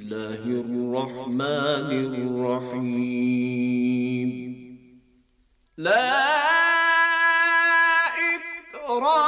الله الرحمن الرحيم لا إكراه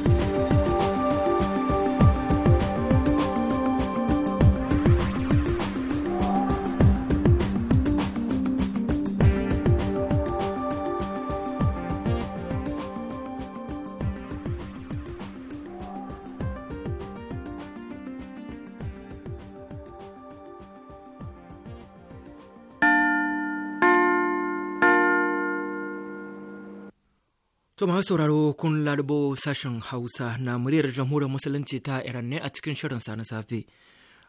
To masu sauraro kun larbo sashen Hausa na muryar jamhuriyar musulunci ta Iran ne a cikin shirin sa na safe.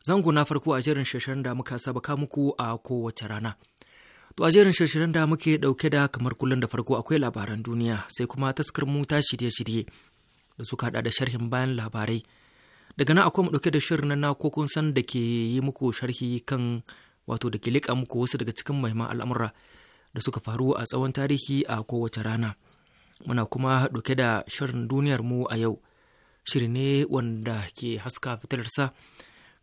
Zango na farko a jerin shirin da muka saba ka muku a kowace rana. To a jerin shirin da muke dauke da kamar kullun da farko akwai labaran duniya sai kuma taskar mu ta shirye-shirye da suka hada da sharhin bayan labarai. Daga nan akwai mu dauke da shirin na ko kun san da ke yi muku sharhi kan wato da ke lika muku wasu daga cikin mahimman al'amura da suka faru a tsawon tarihi a kowace rana. muna kuma ɗauke da shirin duniyar mu a yau shiri ne wanda ke haska fitilarsa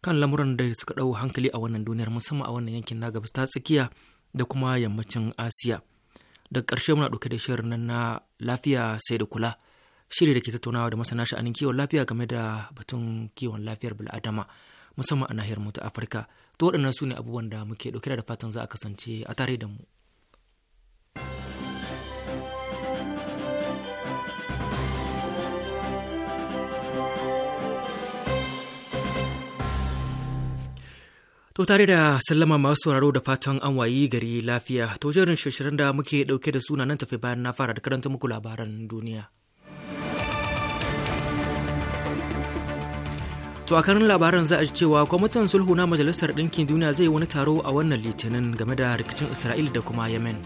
kan lamuran da suka ɗau hankali a wannan duniyar musamman a wannan yankin na gabas ta tsakiya da kuma yammacin asiya daga ƙarshe muna ɗauke da shirin nan na lafiya sai da kula shiri da ke tattaunawa da masana sha'anin kiwon lafiya game da batun kiwon lafiyar bil'adama musamman a nahiyar mu ta afirka to waɗannan su ne abubuwan da muke ɗauke da fatan za a kasance a tare da mu To tare da sallama masu sauraro da fatan an wayi gari lafiya, to jerin shirshirin da muke dauke da suna nan tafi bayan na fara da karanta muku labaran duniya. To a karin labaran za a ji cewa kwamitin sulhu na Majalisar Ɗinkin Duniya zai wani taro a wannan litinin game da rikicin Isra'ila da kuma Yemen.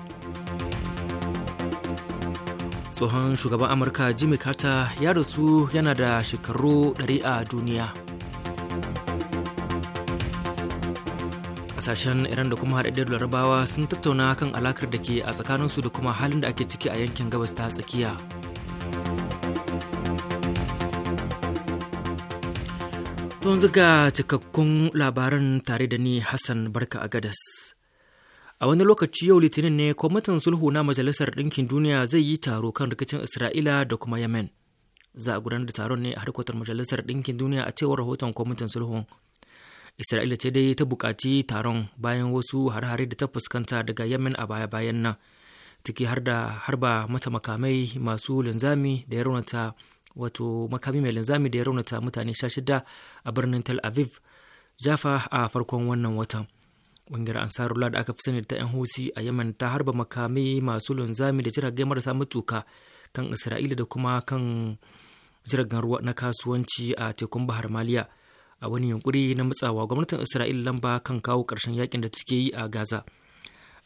Tsohon shugaban Amurka Jimmy Carter ya rasu yana da shekaru ɗari a duniya. kasashen iran da kuma haɗaɗɗiyar larabawa sun tattauna kan alakar da ke a tsakaninsu da kuma halin da ake ciki a yankin gabas ta tsakiya don ziga cikakkun labaran tare da ni hassan barka a gadas a wani lokaci yau litinin ne kwamitin sulhu na majalisar ɗinkin duniya zai yi taro kan rikicin isra'ila da kuma yemen za a gudanar da taron ne a harkotar majalisar ɗinkin duniya a cewar rahoton kwamitin sulhun isra'ila ce dai ta bukaci taron bayan wasu har-hare da ta fuskanta daga yamin a baya-bayan nan ciki har da harba mata makamai masu linzami da ya raunata wato makami mai linzami da ya raunata mutane sha shida a birnin tel aviv jafa a farkon wannan watan ƙungiyar ansarullah da aka fi sani ta 'yan husi a yemen ta harba makamai masu linzami da jiragen marasa matuka kan isra'ila da kuma kan jiragen ruwa na kasuwanci a tekun bahar maliya a wani yunkuri na matsawa gwamnatin isra'ila lamba kan kawo ƙarshen yakin da take yi a gaza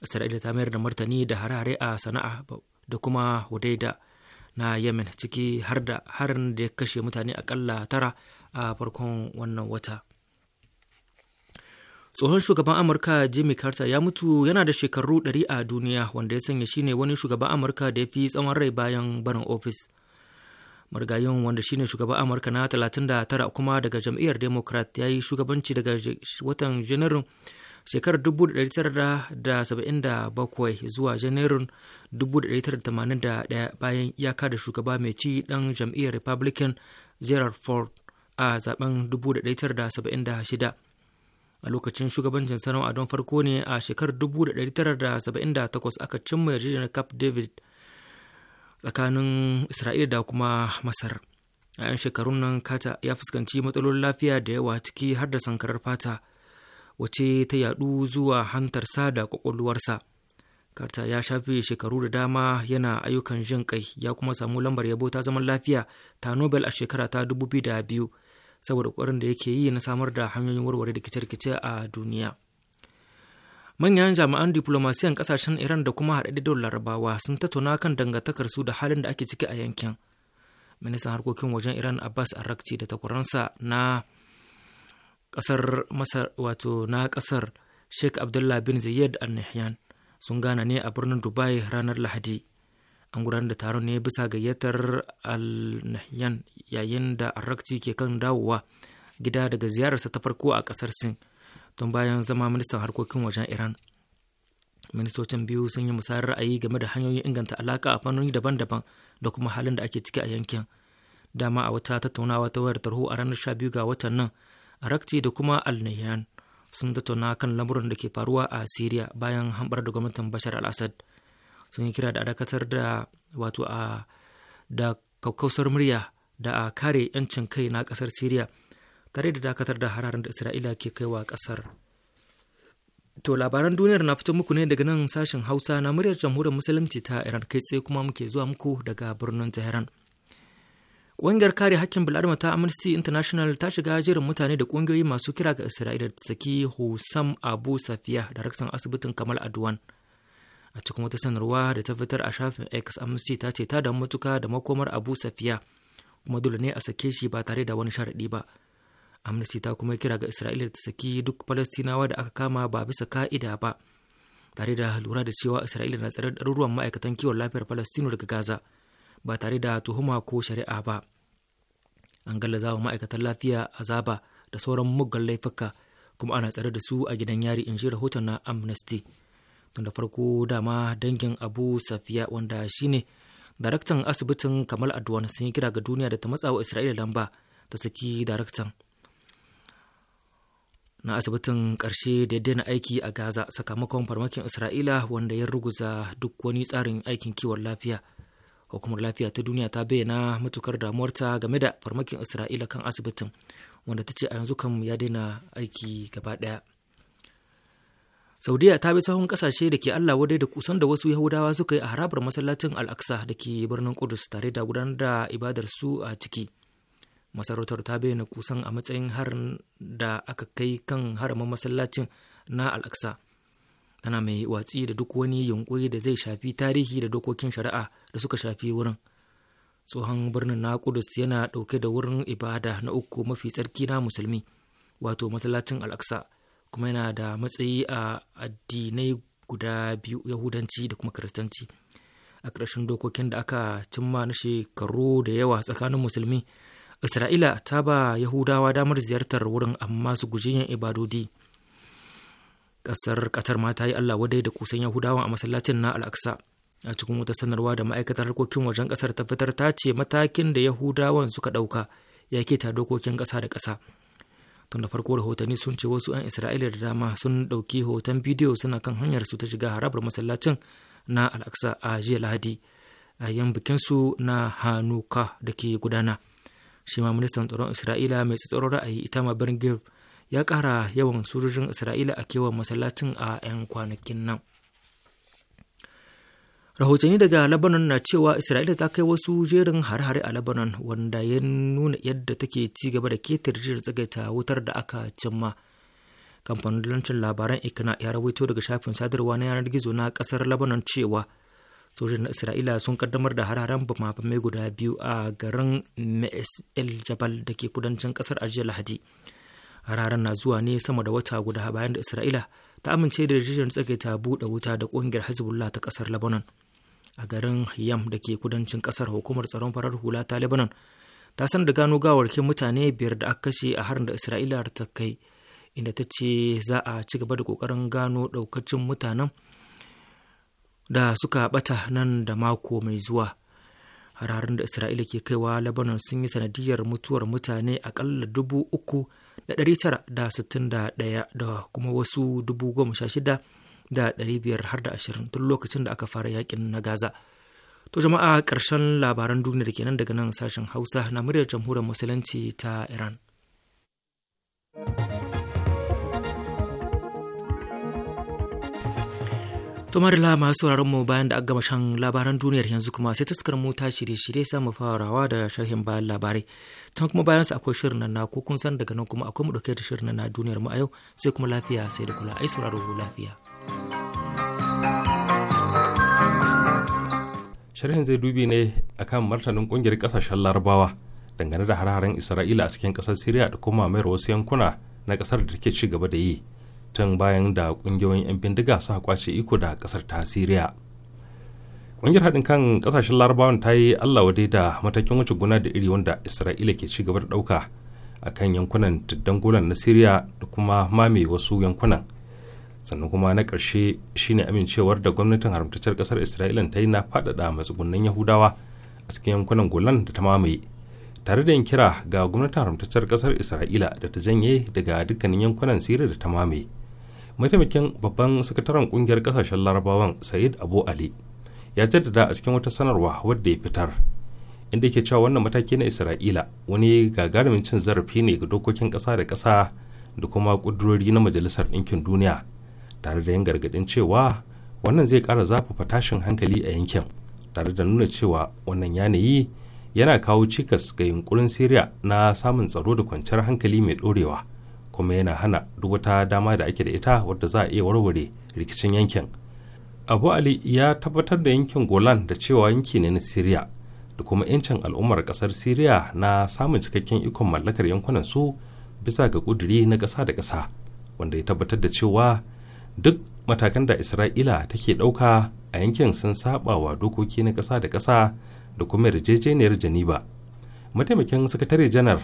isra'ila ta mayar da martani da harare a sana'a da kuma wadaida na yemen ciki har da harin da ya kashe mutane akalla tara a farkon wannan wata tsohon shugaban amurka jimmy carter ya mutu yana da shekaru 100 a duniya wanda ya sanya shine wani shugaban amurka da ya fi tsawon rai bayan barin ofis marigayen wanda shine shugaban amurka na 39 kuma daga jam'iyyar democrat ya yi shugabanci daga watan janairun shekarar 1977 zuwa janairun 1981 bayan iyaka da shugaba mai ci dan jam'iyyar republican gerald ford a zaben 1976 a lokacin shugabancin sana'a don farko ne a shekarar 1978 aka cimma yarjejeniyar cap david tsakanin isra'ila da kuma masar a 'yan shekarun nan kata ya fuskanci matsalolin lafiya da yawa ciki har da sankarar fata wace ta yaɗu zuwa hantarsa da kwakwalwarsa karta ya shafi shekaru da dama yana ayyukan jin kai ya kuma samu lambar yabo ta zaman lafiya ta nobel a shekara ta 2002 saboda kwarin da yake yi na samar da hanyoyin warware rikice-rikice a duniya. manyan jami'an diplomasiyan kasashen iran da kuma da larabawa sun tattauna kan dangantakar su da halin da ake ciki a yankin ministan harkokin wajen iran abbas arakci da takwaransa na kasar masar wato na ƙasar sheikh abdullah bin zayed al nahyan sun gana ne a birnin dubai ranar lahadi an gudanar da taron ne bisa gayyatar al nahyan yayin da arakci ke kan dawowa gida daga ziyararsa ta farko a ƙasar sin tun bayan zama ministan harkokin wajen iran ministocin biyu sun yi musayar ra'ayi game da hanyoyin inganta alaka a fannoni daban-daban da kuma halin da ake ciki a yankin dama a wata tattaunawa ta wayar tarho a ranar sha biyu ga watan nan rakti da kuma alnayan sun tattauna kan lamuran da ke faruwa a syria bayan hambar da gwamnatin bashar al-assad sun yi kira da dakatar da wato a da kakkausar murya da a kare 'yancin kai na kasar syria tare da dakatar da hararin da isra'ila ke kaiwa kasar to labaran duniyar na fito muku ne daga nan sashen hausa na muryar jamhuriyar musulunci ta iran kai tsaye kuma muke zuwa muku daga birnin tehran ƙungiyar kare hakkin bil'adama ta amnesty international ta shiga jerin mutane da ƙungiyoyi masu kira ga isra'ila da saki husam abu safiya daraktan asibitin kamal adwan a cikin wata sanarwa da ta fitar a shafin x amnesty ta ce ta damu matuka da makomar abu safiya kuma dole ne a sake shi ba tare da wani sharaɗi ba amnesty ta kuma kira ga isra'ila ta saki duk falastinawa da aka kama ba bisa ka'ida ba tare da lura da cewa isra'ila na tsare ɗaruruwan ma'aikatan kiwon lafiyar falastinu daga gaza ba tare da tuhuma ko shari'a ba an gallaza wa ma'aikatan lafiya azaba da sauran muggan laifuka kuma ana tsare da su a gidan yari in ji rahoton na amnesty tun da farko dama dangin abu safiya wanda shine daraktan asibitin kamal adwan sun yi kira ga duniya da ta matsa wa isra'ila lamba ta saki daraktan na asibitin ƙarshe da ya daina aiki a Gaza sakamakon farmakin Isra'ila wanda ya ruguza duk wani tsarin aikin kiwon lafiya. Hukumar lafiya ta duniya ta bayyana matukar damuwarta game da farmakin Isra'ila kan asibitin wanda ta ce a yanzu kam ya daina aiki gaba ɗaya. Saudiya ta bi sahun kasashe da ke Allah wadai da kusan da wasu Yahudawa suka yi a harabar masallacin al da ke birnin Kudus tare da gudanar da ibadar su a ciki. masarautar ta bayyana kusan a matsayin harin da aka kai kan haramin masallacin na al'aksa tana mai watsi da duk wani yunkuri da zai shafi tarihi da dokokin shari'a da suka shafi wurin tsohon birnin na kudus yana ɗauke da wurin ibada na uku mafi tsarki na musulmi wato masallacin al'aksa kuma yana da matsayi a addinai guda biyu yahudanci da kuma kiristanci a ƙarshen dokokin da aka cimma na shekaru da yawa tsakanin musulmi isra'ila ta ba yahudawa damar ziyartar wurin amma su guji yin ibadodi ƙasar ƙatar ma ta yi allah wadai da kusan yahudawan a masallacin na al'aksa a cikin wata sanarwa da ma'aikatar harkokin wajen ƙasar ta fitar ta ce matakin da yahudawan suka ɗauka ya keta dokokin ƙasa da ƙasa tun da farko rahotanni sun ce wasu 'yan isra'ila da dama sun ɗauki hoton bidiyo suna kan hanyar su ta shiga harabar masallacin na al'aksa a jiya lahadi a yan bikinsu na hanuka da ke gudana shi ma ministan tsaron isra'ila mai tsaron ra'ayi ita ma gvir ya kara yawan sojojin isra'ila a kewan masallacin a 'yan kwanakin nan rahotanni daga lebanon na cewa isra'ila ta kai wasu jerin hare-hare a lebanon wanda ya nuna yadda take ci gaba da keta rijiyar tsagaita wutar da aka cimma kamfanin labaran ikna ya rawaito daga shafin sadarwa na yanar gizo na kasar lebanon cewa sojojin na isra'ila sun kaddamar da hararen bamabamai guda biyu a garin me'es el jabal da ke kudancin kasar ajiyar lahadi hararen na zuwa ne sama da wata guda bayan da isra'ila ta amince da rijiyar tsage ta buɗe wuta da ƙungiyar hezbollah ta kasar lebanon a garin yam da ke kudancin kasar hukumar tsaron farar hula ta lebanon ta san da gano gawarkin mutane biyar da aka kashe a harin da isra'ila ta kai inda ta ce za a ci gaba da kokarin gano ɗaukacin mutanen da suka bata nan da mako mai zuwa hararin da isra'ila ke kaiwa lebanon sun yi sanadiyar mutuwar mutane akalla dubu uku da ɗari tara da sittin da ɗaya da kuma wasu dubu goma sha shida da ɗari biyar har da ashirin tun lokacin da aka fara yakin na gaza to jama'a ƙarshen labaran duniya da kenan daga nan sashen hausa na muryar jamhuriyar musulunci ta iran To marila masu sauraron mu bayan da aka gama shan labaran duniyar yanzu kuma sai taskar mu ta shirye-shirye sai mu farawa da sharhin bayan labarai. Can kuma bayan su akwai shirin na ko kun san daga nan kuma akwai mu dauke da shirin na duniyar mu a yau sai kuma lafiya sai da kula ai sauraro lafiya. Sharhin zai dubi ne akan martanin kungiyar kasashen Larabawa dangane da har Isra'ila a cikin kasar syria da kuma mayar wasu yankuna na kasar da take ci gaba da yi. tun bayan da kungiyoyin 'yan bindiga suka kwace iko da kasar ta siriya ƙungiyar haɗin kan kasashen larabawan ta yi allah wadai da matakin wuce guna da iri wanda isra'ila ke ci gaba da ɗauka a kan yankunan tuddan gulan na siriya da kuma mame wasu yankunan sannan kuma na ƙarshe shine amincewar da gwamnatin haramtacciyar kasar isra'ila ta yi na faɗaɗa matsugunan yahudawa a cikin yankunan golan da ta mamaye tare da yin kira ga gwamnatin haramtacciyar kasar isra'ila da ta janye daga dukkanin yankunan syria da ta mamaye mataimakin babban sakataren kungiyar kasashen larabawan said abu ali ya jaddada a cikin wata sanarwa wadda ya fitar inda ke cewa wannan mataki na isra'ila wani gagarumin cin zarafi ne ga dokokin kasa da kasa da kuma kudurori na majalisar ɗinkin duniya tare da yin gargaɗin cewa wannan zai ƙara zafafa tashin hankali a yankin tare da nuna cewa wannan yanayi yana kawo cikas ga yunkurin syria na samun tsaro da kwanciyar hankali mai ɗorewa kuma yana hana duk wata dama da ake da ita wadda za a iya warware rikicin yankin abu ali ya tabbatar da yankin golan da cewa yanki ne na siriya da kuma 'yancin al'ummar kasar siriya na samun cikakken ikon mallakar yankunan su bisa ga kuduri na ƙasa da ƙasa wanda ya tabbatar da cewa duk matakan da isra'ila take ɗauka a yankin sun saba wa dokoki na ƙasa da ƙasa da kuma yarjejeniyar janiba mataimakin sakatare janar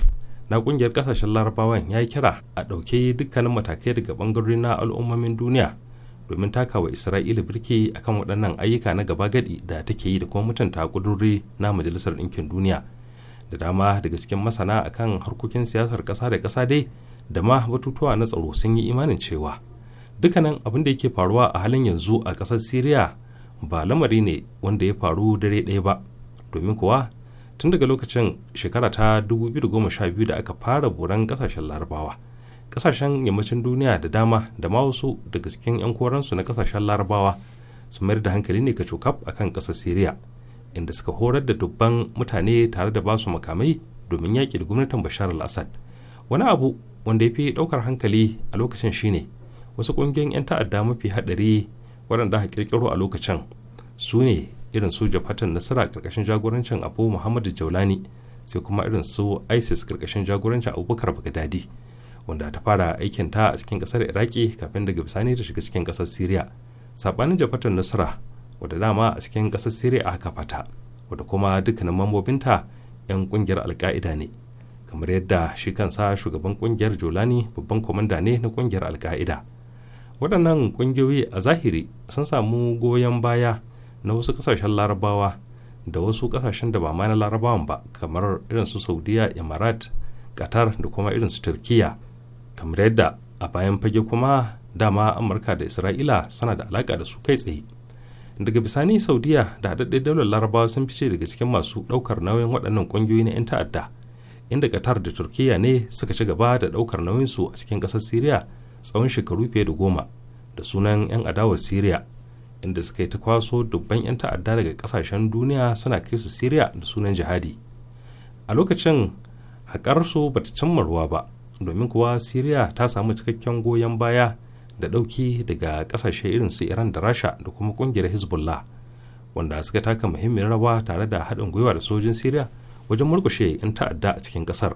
na kungiyar kasashen larabawan ya yi kira a ɗauke dukkanin matakai daga bangarori na al'ummomin duniya domin takawa isra'ila birki akan waɗannan ayyuka na gaba gadi da take yi da kuma mutunta ƙudurri na majalisar ɗinkin duniya da dama daga cikin masana akan harkokin siyasar ƙasa da ƙasa dai da ma batutuwa na tsaro sun yi imanin cewa dukkanin abin da yake faruwa a halin yanzu a ƙasar syria ba lamari ne wanda ya faru dare ɗaya ba domin kuwa tun daga lokacin shekara ta 2012 da aka fara buran kasashen larabawa kasashen yammacin duniya da dama da ma wasu daga cikin 'yan koransu na kasashen larabawa su mayar da hankali ne ka cokaf a kan ƙasar syria inda suka horar da dubban mutane tare da basu makamai domin yaƙi da gwamnatin bashar al-assad wani abu wanda ya fi ɗaukar hankali a lokacin shine wasu ƙungiyoyin 'yan ta'adda mafi haɗari waɗanda aka ƙirƙiro a lokacin su ne irin su jafatan nasara karkashin jagorancin abu muhammadu jaulani sai kuma irin su isis karkashin jagorancin abubakar bagadadi wanda ta fara aikin ta a cikin kasar iraki kafin daga bisani ta shiga cikin kasar syria sabanin jafatan nasara wadda dama a cikin kasar syria aka fata wadda kuma dukkanin mambobinta 'yan kungiyar alka'ida ne kamar yadda shi kansa shugaban kungiyar jolani babban kwamanda ne na kungiyar alka'ida waɗannan ƙungiyoyi a zahiri sun samu goyon baya na wasu kasashen larabawa da wasu kasashen da ba ma na larabawan ba kamar irin su saudiya emirat qatar da kuma irin su turkiya kamar yadda a bayan fage kuma dama amurka da isra'ila suna da alaka da su kai tsaye daga bisani saudiya da haɗaɗɗen daular larabawa sun fice daga cikin masu ɗaukar nauyin waɗannan ƙungiyoyi na 'yan ta'adda inda qatar da turkiya ne suka ci gaba da ɗaukar nauyinsu a cikin ƙasar syria tsawon shekaru fiye da goma da sunan 'yan adawar syria inda suka yi ta kwaso dubban 'yan ta'adda daga kasashen duniya suna kai su siriya da sunan jihadi a lokacin haƙarsu ba ta cimma ruwa ba domin kuwa siriya ta samu cikakken goyon baya da ɗauki daga ƙasashe irin su iran da rasha da kuma ƙungiyar hezbollah wanda suka taka muhimmin rawa tare da haɗin gwiwa da sojin siriya wajen murkushe 'yan ta'adda a cikin ƙasar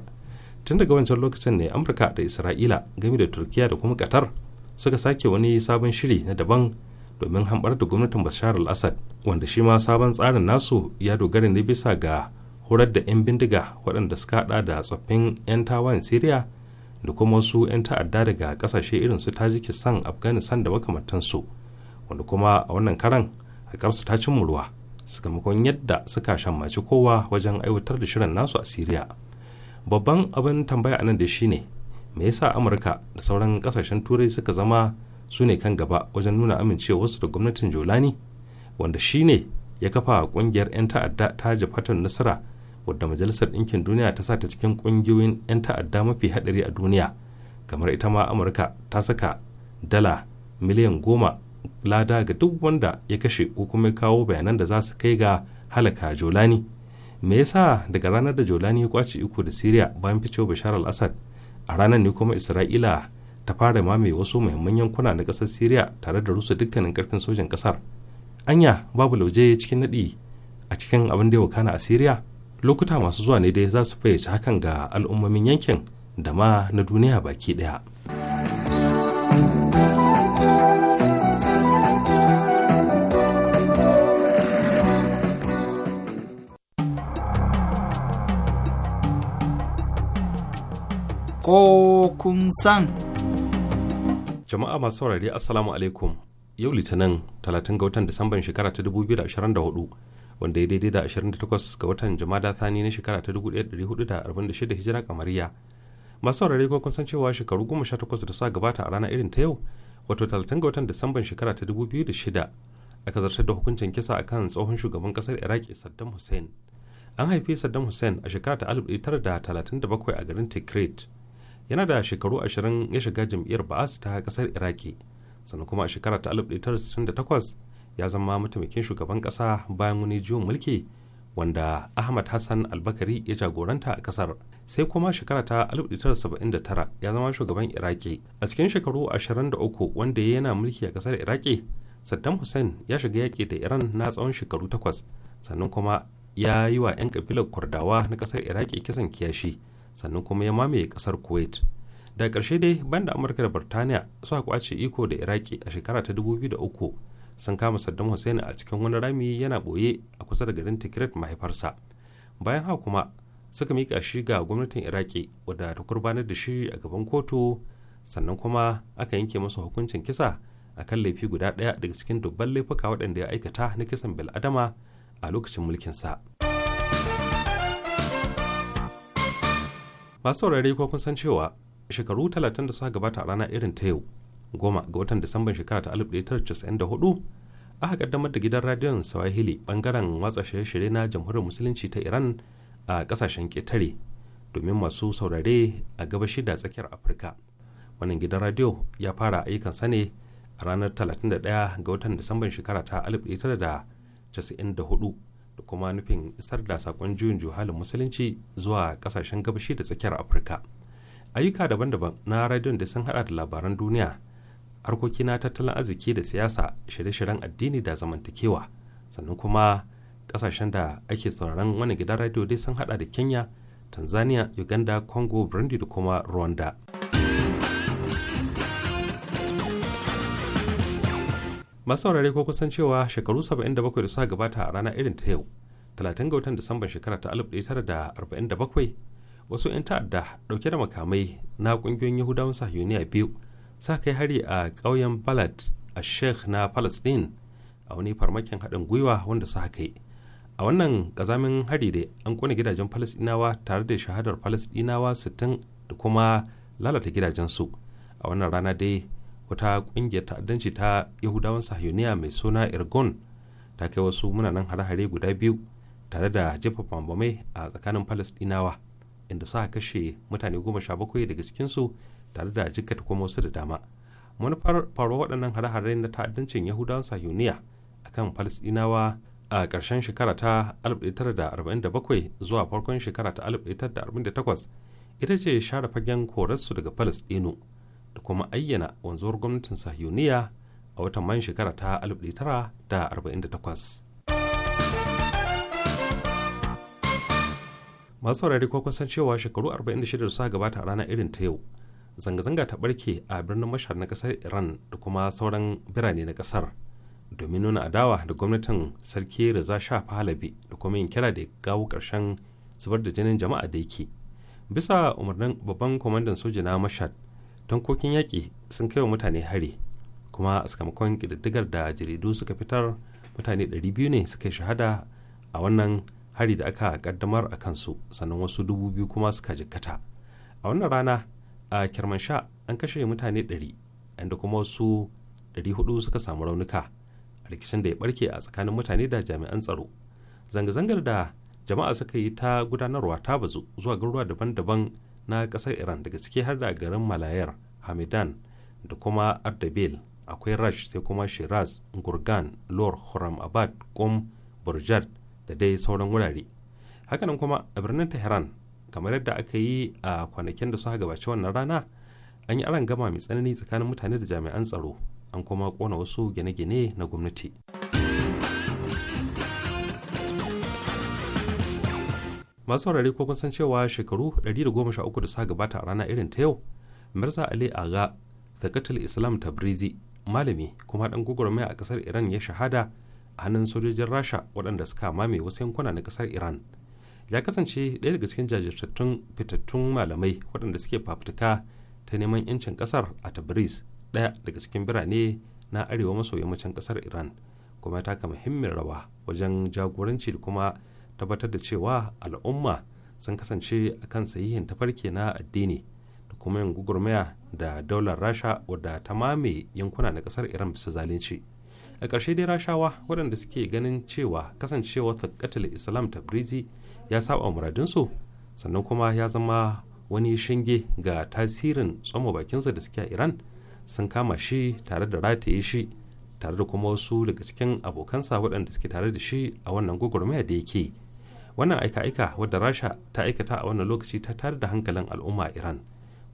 tun daga wancan lokacin ne amurka da isra'ila gami da turkiya da kuma qatar suka sake wani sabon shiri na daban domin hambar da gwamnatin bashar al-assad wanda shi ma sabon tsarin nasu ya dogara ne bisa ga horar da 'yan bindiga waɗanda suka haɗa da tsoffin 'yan tawayen syria da kuma wasu 'yan ta'adda daga ƙasashe irin su tajikistan afghanistan da makamantansu wanda kuma a wannan karan su ta cin ruwa sakamakon yadda suka shammaci kowa wajen aiwatar da shirin nasu a syria babban abin tambaya anan da shine me yasa amurka da sauran ƙasashen turai suka zama su ne kan gaba wajen nuna amincewa amincewarsu da gwamnatin jolani wanda shi ne ya kafa kungiyar 'yan ta'adda ta jafatan nasara wadda majalisar ɗinkin duniya ta sa ta cikin ƙungiyoyin 'yan ta'adda mafi haɗari a duniya kamar ita ma amurka ta saka dala miliyan goma lada ga duk wanda ya kashe ko kuma kawo bayanan da za su kai ga halaka jolani me yasa daga ranar da jolani ya kwace iko da siriya bayan ficewa bashar al-assad a ranar ne kuma isra'ila ta fara mame wasu muhimman yankuna na ƙasar syria tare da rusa dukkanin karfin sojan ƙasar anya babu lauje cikin naɗi a cikin abin da ya wakana a siriya lokuta masu zuwa ne dai za su fayyace hakan ga al'ummomin yankin da ma na duniya baki ɗaya. ko kun san. jama'a masu saurari assalamu alaikum yau litinin 30 ga watan disamban shekara ta 2024 wanda ya daidai da 28 ga watan jama'a thani na shekara ta 1446 hijira kamariya masu saurari ko kun san cewa shekaru 18 da sa gabata a rana irin ta yau wato 30 ga watan disamban shekara ta 2006 aka zartar da hukuncin kisa akan tsohon shugaban kasar iraq saddam hussein an haifi saddam hussein a shekara ta 1937 a garin tikrit yana da shekaru ashirin ya shiga jam'iyyar ba'as ta kasar iraki sannan kuma a shekara ta 1968 ya zama mataimakin shugaban kasa bayan wani jiwon mulki wanda ahmad hassan albakari ya jagoranta a kasar sai kuma shekara ta 1979 ya zama shugaban iraki a cikin shekaru 23 wanda ya yana mulki a kasar iraki saddam hussein ya shiga yaƙi da iran na tsawon shekaru takwas sannan kuma ya yi wa 'yan kabilar kurdawa na kasar iraki kisan kiyashi sannan kuma ya mamaye kasar kuwait da ƙarshe dai da amurka da birtaniya suka kwace iko da iraki a shekara ta 2003 sun kama saddam hussein a cikin wani rami yana boye a kusa da garin tikrit mahaifarsa bayan haka kuma suka mika shi ga gwamnatin iraki wadda ta gurbanar da shi a gaban kotu sannan kuma aka yanke masa hukuncin kisa a kan laifi guda daya daga cikin dubban laifuka waɗanda ya aikata na kisan bil'adama a lokacin mulkinsa. masu saurari ko kun san cewa shekaru 30 da suka gabata a rana irin ta yau goma ga watan disamban shekara ta 1994 aka kaddamar da gidan radiyon swahili bangaren watsa shirye-shirye na jamhuriyar musulunci ta iran a kasashen ketare domin masu saurare a gabashi da tsakiyar afirka wannan gidan radiyo ya fara sa ne a ranar 31 ga watan disamban shekara ta 1994 da kuma nufin isar da sakon juyin juhalin musulunci zuwa kasashen gabashi da tsakiyar afirka ayyuka daban-daban na radiyo da sun hada da labaran duniya harkoki na tattalin arziki da siyasa shirye-shiryen addini da zamantakewa sannan kuma kasashen da ake sauraron wani gidan radiyo dai sun hada da kenya tanzania uganda congo burundi da kuma rwanda masu ko kusan cewa shekaru 77 da suka gabata a rana irin ta yau 30 ga watan disamban shekara ta 1947 wasu 'yan ta'adda dauke da makamai na kungiyoyin yahudawan sahiyoniya biyu sa kai hari a ƙauyen balad a sheikh na palestine a wani farmakin haɗin gwiwa wanda su haka yi a wannan ƙazamin hari da an ƙone gidajen palestinawa tare da shahadar palestinawa 60 da kuma lalata gidajensu a wannan rana dai wata ƙungiyar ta'addanci ta yahudawan sahiyoniya mai suna irgun ta kai wasu munanan hare-hare guda biyu tare da jefa bambamai a tsakanin palestinawa inda suka kashe mutane goma sha bakwai daga cikinsu tare da jikkata kuma wasu da dama manufar faro waɗannan hare-hare na ta'addancin yahudawan sahiyoniya kan palestinawa a ƙarshen shekara ta 1947 zuwa farkon shekara ta 1948 ita ce share fagen korarsu daga palestino da kuma ayyana wanzuwar gwamnatin sahiyoniya a watan man shekara ta 1948 masu saurari ko kusan cewa shekaru 46 da suka gabata a rana irin ta yau zanga-zanga ta barke a birnin mashar na kasar iran da kuma sauran birane na kasar domin nuna adawa da gwamnatin sarki Reza sha Pahlavi da kuma yin kira da gawo karshen zubar da jinin jama'a da yake. Bisa umarnin babban kwamandan soja na Mashad tankokin yaƙi sun kai wa mutane hari kuma a sakamakon ƙididdigar da jaridu suka fitar mutane 200 ne suka shahada a wannan hari da aka kaddamar a kansu sannan wasu dubu biyu kuma suka jikkata a wannan rana a kirmansha an kashe mutane 100 inda kuma wasu 400 suka samu raunuka a rikicin da ya barke a tsakanin mutane da jami'an tsaro zanga-zangar da jama'a suka yi ta gudanarwa ta bazu zuwa garuruwa daban-daban na kasar iran daga ciki har da garin malayar hamidan da kuma ardabil akwai rash sai kuma shiraz gurgan lor abad kum burjad da dai sauran wurare hakanan kuma a birnin tehran kamar yadda aka yi a kwanakin da su suka gabace wannan rana an yi aran gama mai tsanani tsakanin mutane da jami'an tsaro an kuma kona wasu gine-gine na gwamnati. masu saurare ko kun san cewa shekaru 113 da suka gabata a rana irin ta yau mirza ali aga zakatul islam tabrizi malami kuma dan gwagwarmaya a kasar iran ya shahada a hannun sojojin rasha waɗanda suka mame wasu yankuna na kasar iran ya kasance ɗaya daga cikin jajirtattun fitattun malamai waɗanda suke fafutuka ta neman yancin kasar a tabriz ɗaya daga cikin birane na arewa maso yammacin kasar iran kuma taka muhimmin rawa wajen jagoranci da kuma tabbatar da cewa al'umma sun kasance a kan sahihin tafarki na addini da kuma yin gugurmaya da daular rasha wadda ta mame yankuna na kasar iran bisa zalunci a ƙarshe dai rashawa waɗanda suke ganin cewa kasancewa takatul islam tabrizi ya saba muradinsu sannan kuma ya zama wani shinge ga tasirin tsoma bakinsa da suke a iran sun kama shi tare da rataye shi tare da kuma wasu daga cikin abokansa waɗanda suke tare da shi a wannan gugurmaya da yake yi wannan aika-aika wadda rasha ta aikata a wannan lokaci ta tare da hankalin al'umma iran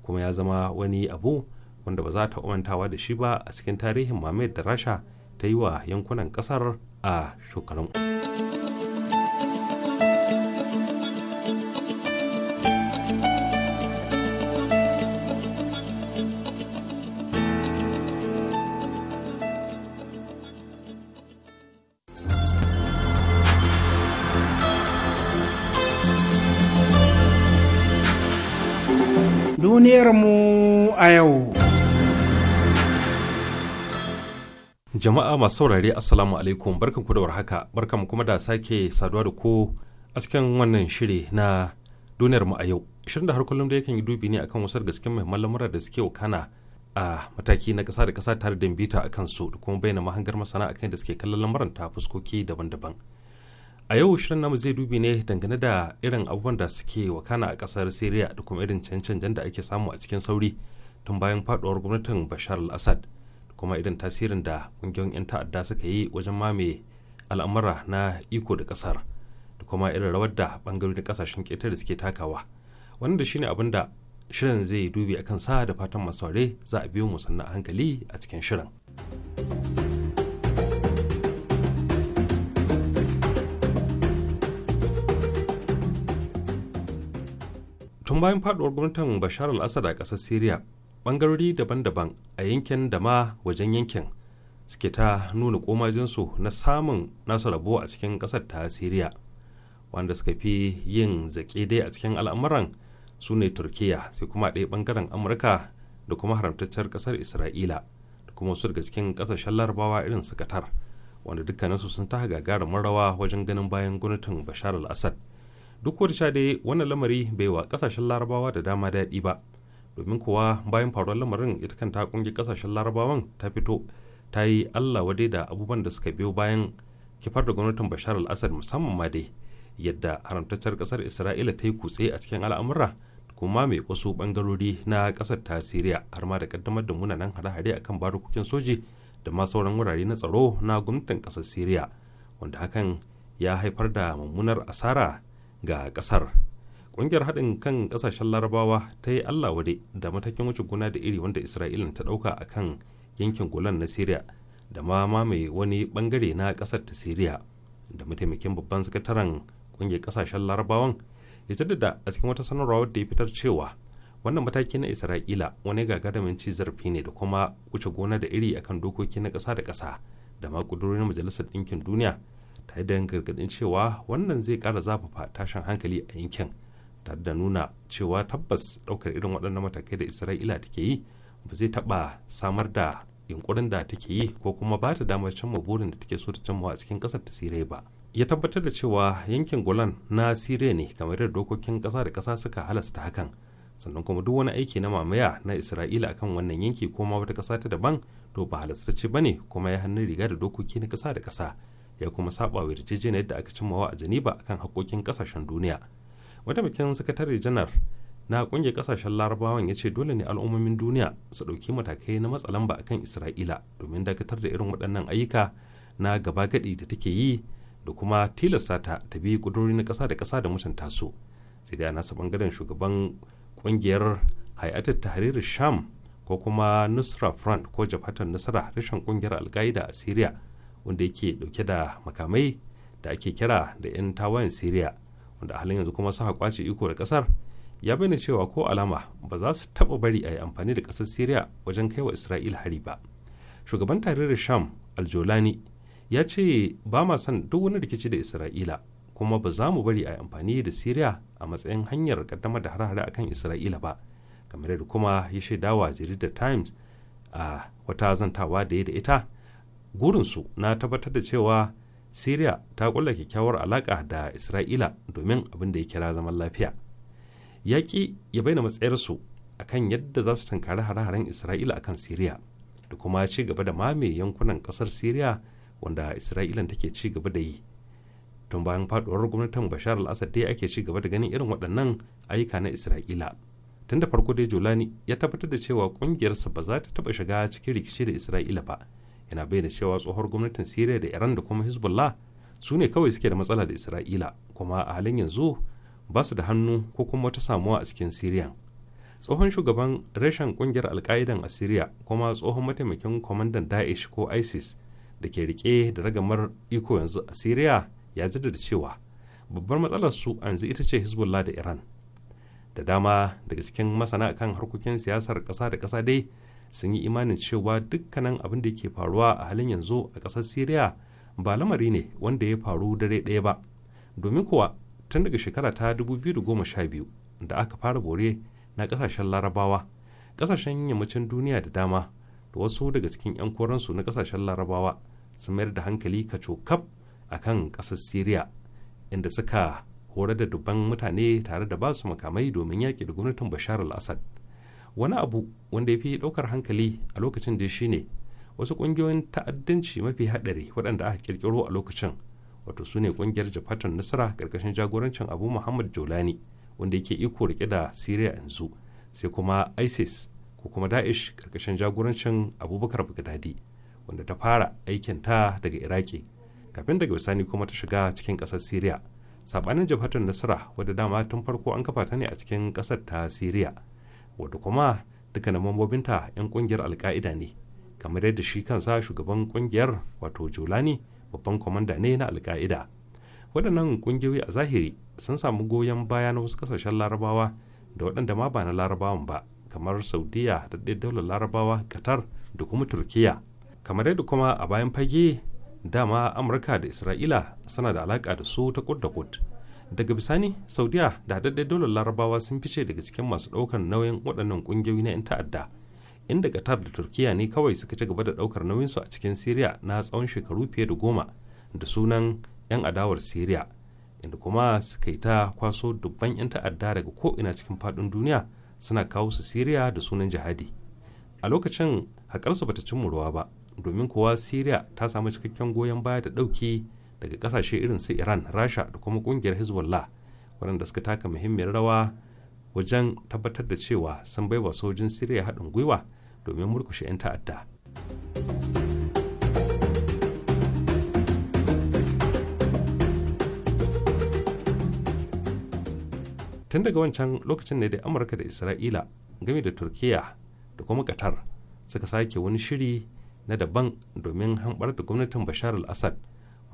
kuma ya zama wani abu wanda ba za ta umantawa da shi ba a cikin tarihin mamayar da rasha ta yi wa yankunan kasar a shekarun duniyarmu a yau. Jama'a masu saurare Assalamu alaikum barkanku da warhaka barkanku kuma da sake saduwa da ku a cikin wannan shiri na duniyarmu a yau. Shirin da har kullum da yakan yi dubi ne akan wasu gaske muhimman lamura da suke wakana a mataki na kasa da kasa tare da bita a kansu da kuma bayyana mahangar masana akan da suke kallon lamuran ta fuskoki daban-daban. a yau shirin namu zai dubi ne dangane da irin abubuwan da suke wakana a kasar syria da kuma irin cancanjan da ake samu a cikin sauri tun bayan faduwar gwamnatin bashar al-assad da kuma irin tasirin da ƙungiyoyin 'yan ta'adda suka yi wajen mame al'amura na iko da kasar da kuma irin rawar da bangarorin kasashen ƙetare suke takawa wannan da shine abin da shirin zai dubi akan sa da fatan masu za a biyo mu sannan hankali a cikin shirin. tun bayan faduwar gwamnatin bashar al-assad a kasar syria bangarori daban-daban a yankin da ma wajen yankin suke ta nuna koma komajinsu na samun nasu rabo a cikin kasar ta syria wanda suka fi yin zaƙe dai a cikin al'amuran su ne turkiya sai kuma ɗaya bangaren amurka da kuma haramtacciyar ƙasar isra'ila da kuma wasu daga cikin kasashen larabawa irin su qatar wanda dukkaninsu sun ta gagarumin rawa wajen ganin bayan gwamnatin bashar al-assad duk wata sha dai wannan lamari bai wa kasashen larabawa da dama daɗi ba domin kuwa bayan faruwar lamarin ita kanta kungi kasashen larabawan ta fito ta yi allah wadai da abubuwan da suka biyo bayan kifar da gwamnatin bashar al-assad musamman ma dai yadda haramtaccen kasar isra'ila ta yi kutse a cikin al'amura kuma mai wasu bangarori na kasar ta siriya har ma da kaddamar da munanan hare-hare kan barukukin soji da ma sauran wurare na tsaro na gwamnatin kasar siriya wanda hakan ya haifar da mummunar asara ga kasar ƙungiyar haɗin kan ƙasashen larabawa ta yi allah wade da matakin wuce gona da iri wanda isra'ila ta ɗauka a kan yankin golan na syria da ma mamaye wani ɓangare na ƙasar ta syria da mataimakin babban sakataren ƙungiyar ƙasashen larabawan ya jaddada a cikin wata sanarwa wadda ya fitar cewa wannan mataki na isra'ila wani gagarumin ci zarafi ne da kuma wuce gona da iri akan dokoki na ƙasa da ƙasa da ma ƙudurorin majalisar ɗinkin duniya tare da gargadin cewa wannan zai kara zafafa tashin hankali a yankin tare da nuna cewa tabbas daukar irin waɗannan matakai da isra'ila take yi ba zai taɓa samar da yunkurin da take yi ko kuma ba ta damar cimma burin da take so ta cimma a cikin ƙasar ta sirai ba ya tabbatar da cewa yankin golan na siriya ne kamar yadda dokokin ƙasa da ƙasa suka halasta hakan sannan kuma duk wani aiki na mamaya na isra'ila akan wannan yanki ko ma wata ƙasa ta daban to ba halastacce ba ne kuma ya hannun riga da dokoki na ƙasa da ƙasa ya kuma saba wa yarjejeniyar da aka cimmawa a Geneva kan haƙoƙin ƙasashen duniya. Mataimakin sakatare janar na ƙungiyar ƙasashen larabawan ya ce dole ne al'ummomin duniya su ɗauki matakai na matsa lamba akan Isra'ila domin dakatar da irin waɗannan ayyuka na gaba gadi da take yi da kuma tilasta ta ta bi ƙudurori na ƙasa da ƙasa da mutunta su. Sai da nasa bangaren shugaban ƙungiyar hayatar tahrir sham ko kuma nusra front ko jabhatar nusra rashin kungiyar alkaida a syria wanda yake dauke da makamai da ake kira da 'yan tawayen syria wanda halin yanzu kuma suka kwace iko da kasar ya bayyana cewa ko alama ba za su taba bari a yi amfani da kasar syria wajen kai wa isra'il hari ba shugaban tarayyar sham aljolani ya ce ba ma son duk wani rikici da isra'ila kuma ba za mu bari a yi amfani da syria a matsayin hanyar kaddamar da hare-hare kan isra'ila ba kamar yadda kuma ya shaidawa jaridar times a wata zantawa da ya da ita gurinsu na tabbatar da cewa syria ta kulla kyakkyawar alaka da isra'ila domin abin da ya kira zaman lafiya yaƙi ya bayyana matsayarsu kan yadda za su tankari hare-haren isra'ila akan syria da kuma ci gaba da mame yankunan ƙasar syria wanda isra'ilan take ci gaba da yi tun bayan faduwar gwamnatin bashar al-assad dai ake ci gaba da ganin irin waɗannan ayyuka na isra'ila tun da farko dai jolani ya tabbatar da cewa ƙungiyarsa ba za ta taɓa shiga cikin rikici da isra'ila ba yana bayyana cewa tsohuwar gwamnatin siriya da iran da kuma hezbollah su ne kawai suke da matsala da isra'ila kuma a halin yanzu ba su da hannu ko kuma wata samuwa a cikin siriyan tsohon shugaban reshen kungiyar alka'idan a siriya kuma tsohon mataimakin kwamandan daesh ko isis da ke rike da ragamar iko yanzu a siriya ya jaddada cewa babbar matsalar su yanzu ita ce hezbollah da iran da dama daga cikin masana kan harkokin siyasar kasa da kasa dai sun yi imanin cewa dukkanin abin da ke faruwa a halin yanzu a ƙasar Siriya ba lamari ne wanda ya faru dare ɗaya ba. Domin kuwa tun daga shekara ta 2012 da aka fara bore na ƙasashen Larabawa, ƙasashen yammacin duniya da dama da wasu daga cikin 'yan koransu na ƙasashen Larabawa sun mayar da hankali kacokaf a kan ƙasar Siriya inda suka horar da dubban mutane tare da basu makamai domin yaƙi da gwamnatin Bashar al-Assad. wani abu wanda ya fi ɗaukar hankali a lokacin da shi ne wasu ƙungiyoyin ta'addanci mafi haɗari waɗanda aka kirkiro a lokacin wato su ne ƙungiyar jafatan nasara ƙarƙashin jagorancin abu muhammad jolani wanda yake iko riƙe da siriya yanzu sai kuma isis ko kuma da'ish ƙarƙashin jagorancin abubakar bagdadi wanda ta fara aikin ta daga iraki kafin daga bisani kuma ta shiga cikin ƙasar siriya saɓanin jafatan nasara wadda dama tun farko an kafa ta ne a cikin ƙasar ta siriya wadda kuma dukkanin mambobinta 'yan kungiyar alka'ida ne kamar yadda shi kansa shugaban kungiyar wato julani babban kwamanda ne na alka'ida waɗannan kungiyoyi a zahiri sun samu goyon baya na wasu kasashen larabawa da waɗanda ma ba na larabawan ba kamar saudiya da daular larabawa qatar da kuma turkiya kamar yadda kuma a bayan fage dama amurka da isra'ila suna da alaƙa da su ta kud da kud daga bisani saudiya da haɗaɗɗen dole larabawa sun fice daga cikin masu ɗaukar nauyin waɗannan ƙungiyoyi na 'yan ta'adda inda qatar da turkiya ne kawai suka ci gaba da ɗaukar nauyinsu a cikin syria na tsawon shekaru fiye da goma da sunan 'yan adawar syria inda kuma suka yi ta kwaso dubban 'yan ta'adda daga ko'ina cikin faɗin duniya suna kawo su syria da sunan jihadi a lokacin haƙarsu bata cin ruwa ba domin kuwa syria ta samu cikakken goyon baya da ɗauki daga kasashe irin su iran rasha da kuma kungiyar hezbollah waɗanda suka taka muhimmiyar rawa wajen tabbatar da cewa sun baiwa sojin siriya haɗin gwiwa domin murkushe 'yan ta'adda tun daga wancan lokacin ne da amurka da isra'ila game da turkiya da kuma qatar suka sake wani shiri na daban domin hanɓar da gwamnatin bashar al-assad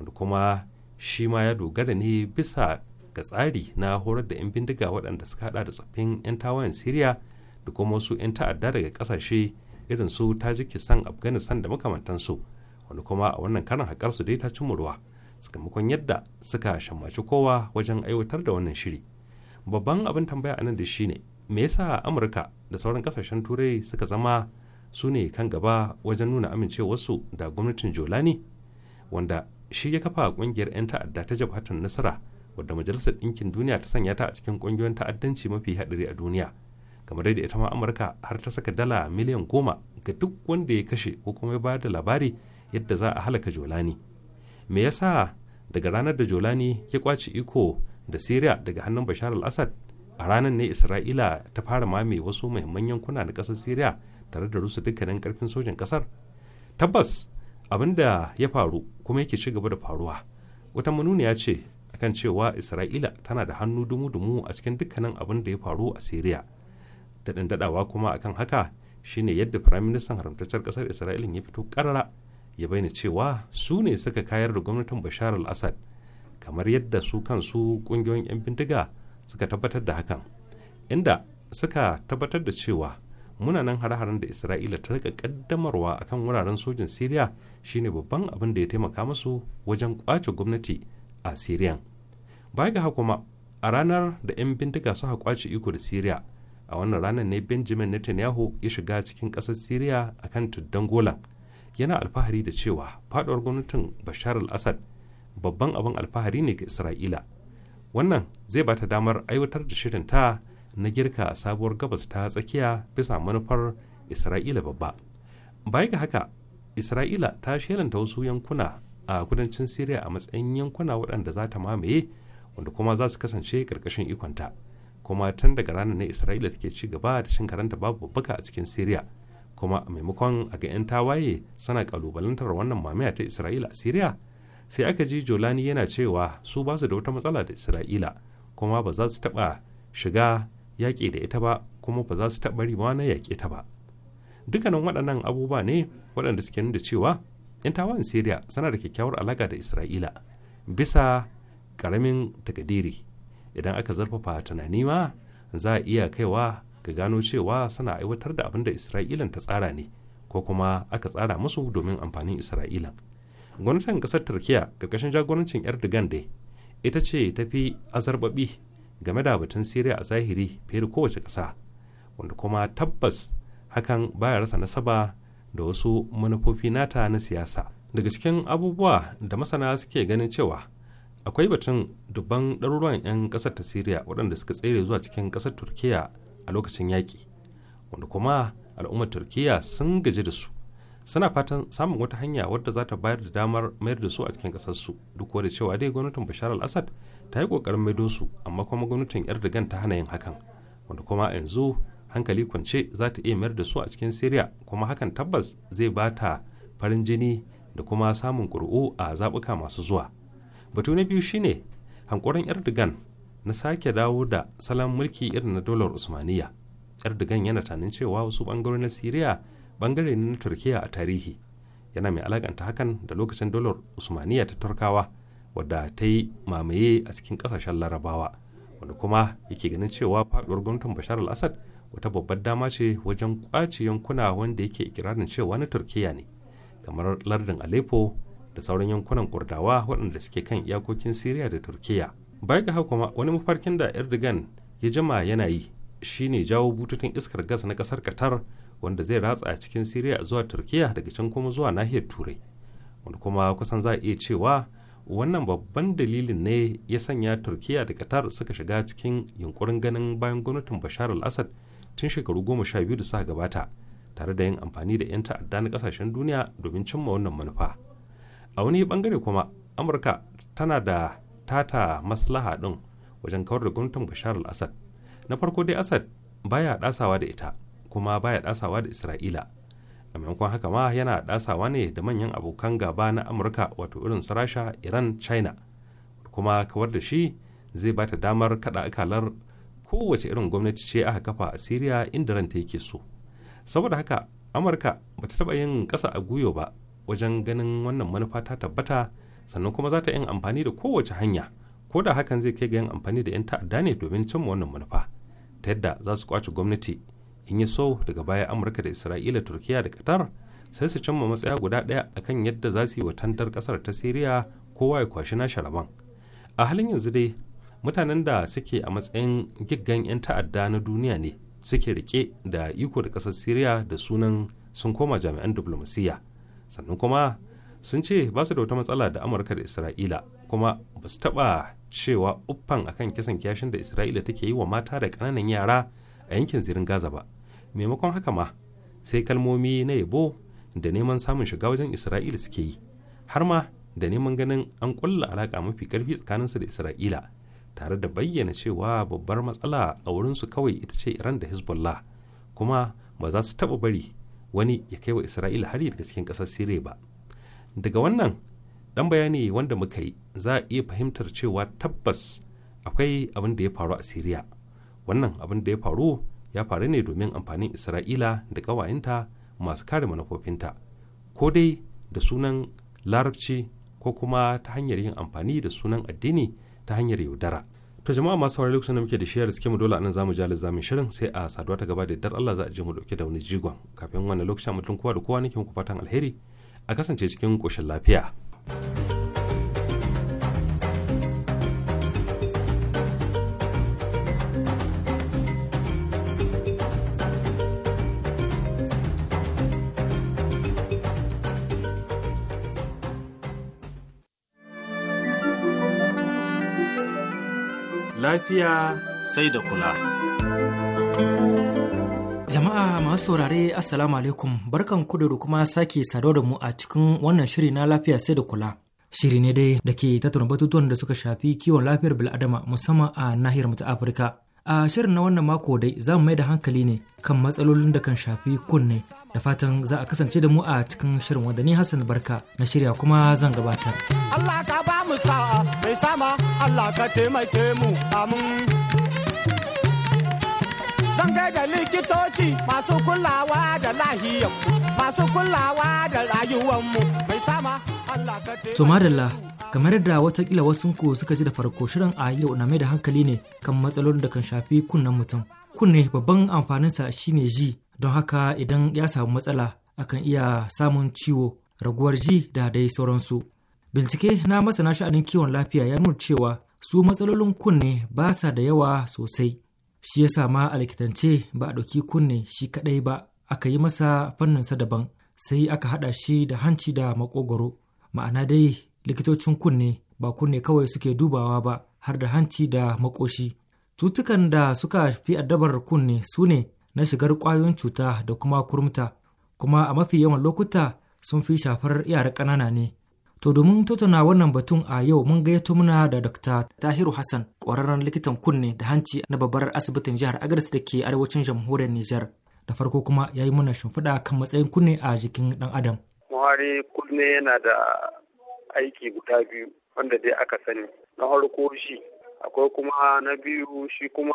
wanda kuma shi ma ya dogara ne bisa ga tsari na horar da 'yan bindiga waɗanda suka hada da tsoffin 'yan tawayen siriya da kuma wasu 'yan ta'adda daga ƙasashe irin su tajikistan afghanistan da makamantansu wanda kuma a wannan karin haƙar su dai ta ci murwa sakamakon yadda suka shammaci kowa wajen aiwatar da wannan shiri babban abin tambaya a nan da ne me yasa amurka da sauran kasashen turai suka zama su ne kan gaba wajen nuna amincewarsu da gwamnatin jolani wanda shi ya kafa kungiyar 'yan ta'adda ta jabhatun nasara wadda majalisar ɗinkin duniya ta sanya ta a cikin kungiyoyin ta'addanci mafi haɗari a duniya kamar da ita ma amurka har ta saka dala miliyan goma ga duk wanda ya kashe ko kuma ya bayar da labari yadda za a halaka jolani me yasa daga ranar da jolani ya kwaci iko da siriya daga hannun bashar al-assad a ranar ne isra'ila ta fara mame wasu muhimman yankuna na ƙasar siriya tare da rusa dukkanin karfin sojin ƙasar tabbas abin da ya faru kuma yake ci gaba da faruwa wata manuniya ce kan cewa isra'ila tana da hannu dumu-dumu a cikin dukkanin abin da ya faru a syria daɗin daɗawa kuma a kan haka shine yadda firaministan haramtaccen ƙasar isra'ila ya fito ƙarara ya bayyana cewa su ne suka kayar da gwamnatin bashar al-assad kamar yadda su kansu ƙungiyoyin 'yan bindiga suka tabbatar da hakan inda suka tabbatar da cewa munanan hare-haren da isra'ila ta rika kaddamarwa akan wuraren sojin syria shine babban abin da ya taimaka musu wajen kwace gwamnati a syrian baya ga kuma a ranar da 'yan bindiga suka kwace iko da syria a wannan ranar ne benjamin netanyahu ya shiga cikin ƙasar syria kan tuddan golan yana alfahari da cewa faduwar gwamnatin bashar al-assad babban abin alfahari ne ga isra'ila wannan zai bata damar aiwatar da shirin ta na girka sabuwar gabas ta tsakiya bisa manufar isra'ila babba baya ga haka isra'ila ta shelanta wasu yankuna a kudancin syria a matsayin yankuna waɗanda za ta mamaye wanda kuma za su kasance ƙarƙashin ikonta kuma tun daga ranar ne isra'ila take ci gaba da cin karanta babu babbaka a cikin syria kuma a maimakon a ga 'yan tawaye suna kalubalantar wannan mamaya ta isra'ila a syria sai aka ji jolani yana cewa su ba su da wata matsala da isra'ila kuma ba za su taɓa shiga yaƙi da ita ba kuma ba za su taɓa riba na yaƙe ta ba dukkanin waɗannan abubuwa ne waɗanda suke nuna cewa 'yan tawayen syria suna da kyakkyawar alaƙa da isra'ila bisa ƙaramin takadiri idan aka zarfafa tunani ma za a iya kaiwa ga gano cewa suna aiwatar da abin da isra'ilan ta tsara ne ko kuma aka tsara musu domin amfanin isra'ilan gwamnatin ƙasar turkiya ƙarƙashin jagorancin erdogan dai ita ce ta fi azarbabi game da batun siriya a zahiri fiye da kowace ƙasa wanda kuma tabbas hakan baya rasa nasaba da wasu manufofi nata na siyasa daga cikin abubuwa da masana suke ganin cewa akwai batun dubban ɗaruruwan 'yan ƙasar ta siriya waɗanda suka tsere zuwa cikin ƙasar turkiya a lokacin yaƙi wanda kuma al'ummar turkiya sun gaji da su suna fatan samun wata hanya wadda za ta bayar da damar mayar da su a cikin ƙasarsu duk da cewa dai gwamnatin bashar al-assad ta yi ƙoƙarin maido su amma kuma gwamnatin erdogan ta hana yin hakan wanda kuma a yanzu hankali kwance za ta iya mayar da su a cikin syria kuma hakan tabbas zai ba ta farin jini da kuma samun ƙuri'u a zaɓuka masu zuwa batu na biyu shine hankoron erdogan na sake dawo da salon mulki irin na dolar usmaniya erdogan yana tanin cewa wasu bangare na syria bangare ne na turkiya a tarihi yana mai alakanta hakan da lokacin dolar usmaniya ta turkawa wadda ta yi mamaye a cikin kasashen larabawa wanda kuma yake ganin cewa faduwar gwamnatin bashar al-assad wata babbar dama ce wajen kwace yankuna wanda yake ikirarin cewa na turkiya ne kamar lardin aleppo da sauran yankunan kurdawa waɗanda suke kan iyakokin syria da turkiya bai ga kuma wani mafarkin da erdogan ya jima yana yi shine jawo bututun iskar gas na kasar qatar wanda zai ratsa a cikin syria zuwa turkiya daga can kuma zuwa nahiyar turai wanda kuma kusan za a iya cewa wannan babban dalilin ne ya sanya turkiya da qatar suka shiga cikin yunkurin ganin bayan gwamnatin bashar al-assad tun shekaru goma sha biyu da suka gabata tare da yin amfani da 'yan ta'adda na kasashen duniya domin cimma wannan manufa a wani bangare kuma amurka tana da tata maslaha din wajen kawar da gwamnatin bashar al-assad na farko dai assad baya dasawa da ita kuma baya dasawa da isra'ila a maimakon haka ma yana ɗasawa ne da manyan abokan gaba na amurka wato irin su rasha iran china kuma kawar da shi zai ba ta damar kada akalar kowace irin gwamnati ce aka kafa a siriya inda ranta yake so saboda haka amurka ba ta taba yin kasa a guyo ba wajen ganin wannan manufa ta tabbata sannan kuma za ta yin amfani da kowace hanya ko da hakan zai kai ga yin amfani da 'yan ta'adda ne domin cimma wannan manufa ta yadda za su kwace gwamnati in yi so daga baya amurka da isra'ila turkiya da qatar sai su cimma matsaya guda ɗaya akan yadda za su yi wa tandar ƙasar ta siriya kowa ya kwashi na sharaban a halin yanzu dai mutanen da suke a matsayin giggan 'yan ta'adda na duniya ne suke rike da iko da kasar siriya da sunan sun koma jami'an diplomasiya sannan kuma sun ce ba su da wata matsala da amurka da isra'ila kuma ba su taɓa cewa uffan akan kisan kyashin da isra'ila take yi wa mata da kananan yara a yankin zirin gaza ba maimakon haka ma sai kalmomi na yabo da neman samun shiga wajen isra'ila suke yi har ma da neman ganin an kulla alaƙa mafi tsakanin tsakaninsu da isra'ila tare da bayyana cewa babbar matsala a wurinsu kawai ita ce iran da hezbollah kuma ba za su taɓa bari wani ya kai wa isra'ila hari daga cikin ƙasar sire ba daga wannan dan bayani wanda muka yi za a iya fahimtar cewa tabbas akwai abin da ya faru a siriya wannan abin da ya faru ya faru ne domin amfanin isra'ila da ƙawayenta masu kare manufofinta ko dai da sunan larabci ko kuma ta hanyar yin amfani da sunan addini ta hanyar yaudara ta jama'a masu saurari lokacin da muke da shiyar suke mu dole anan zamu ji zamin shirin sai a saduwa ta gaba da dar Allah za a je mu dauke da wani jigon kafin wannan lokacin mutum kowa da kowa nake muku fatan alheri a kasance cikin koshin lafiya. thank you lafiya sai da kula. Jama'a masu saurare Assalamu alaikum barkan ku da kuma sake saduwa da mu a cikin wannan shiri na lafiya sai da kula. Shiri ne dai da ke tattauna batutuwan da suka shafi kiwon lafiyar bil'adama musamman a nahiyar mu ta Afirka. A shirin na wannan mako dai za mu mai da hankali ne kan matsalolin da kan shafi kunne da fatan za a kasance da mu a cikin shirin wanda ni Hassan Barka na shirya kuma zan gabatar. Allah ka ba mu sa'a mai sama Allah ka taimake mu amin. Zan da likitoci masu kulawa da lahiyar masu kulawa da mu mai sama Allah ka taimake mu. To madalla kamar yadda watakila ku suka ji da farko shirin a yau na mai da hankali ne kan matsalolin da kan shafi kunnen mutum kunne babban amfaninsa shine ji don haka idan ya samu matsala akan iya samun ciwo raguwar ji da dai sauransu bincike na masana sha'anin kiwon lafiya ya nuna cewa su matsalolin kunne ba sa da yawa sosai shi ya sama a likitance ba a ɗauki kunne shi kaɗai ba aka yi masa fanninsa daban sai aka haɗa shi da hanci da makogoro ma'ana dai likitocin kunne ba kunne kawai suke dubawa ba har da hanci da makoshi cutukan da suka fi addabar kunne su ne na shigar ƙwayoyin cuta da kuma kurmuta, kuma a mafi yawan lokuta sun fi shafar yara ƙanana ne to domin tattauna wannan batun a yau mun gayyato muna da dr tahiru hassan ƙwararren likitan kunne da hanci na babbar asibitin jihar agadis da ke arewacin jamhuriyar nijar da farko kuma ya yi muna shimfiɗa kan matsayin kunne a jikin ɗan adam muhari kunne yana da aiki guda biyu wanda dai aka sani na farko shi akwai kuma na biyu shi kuma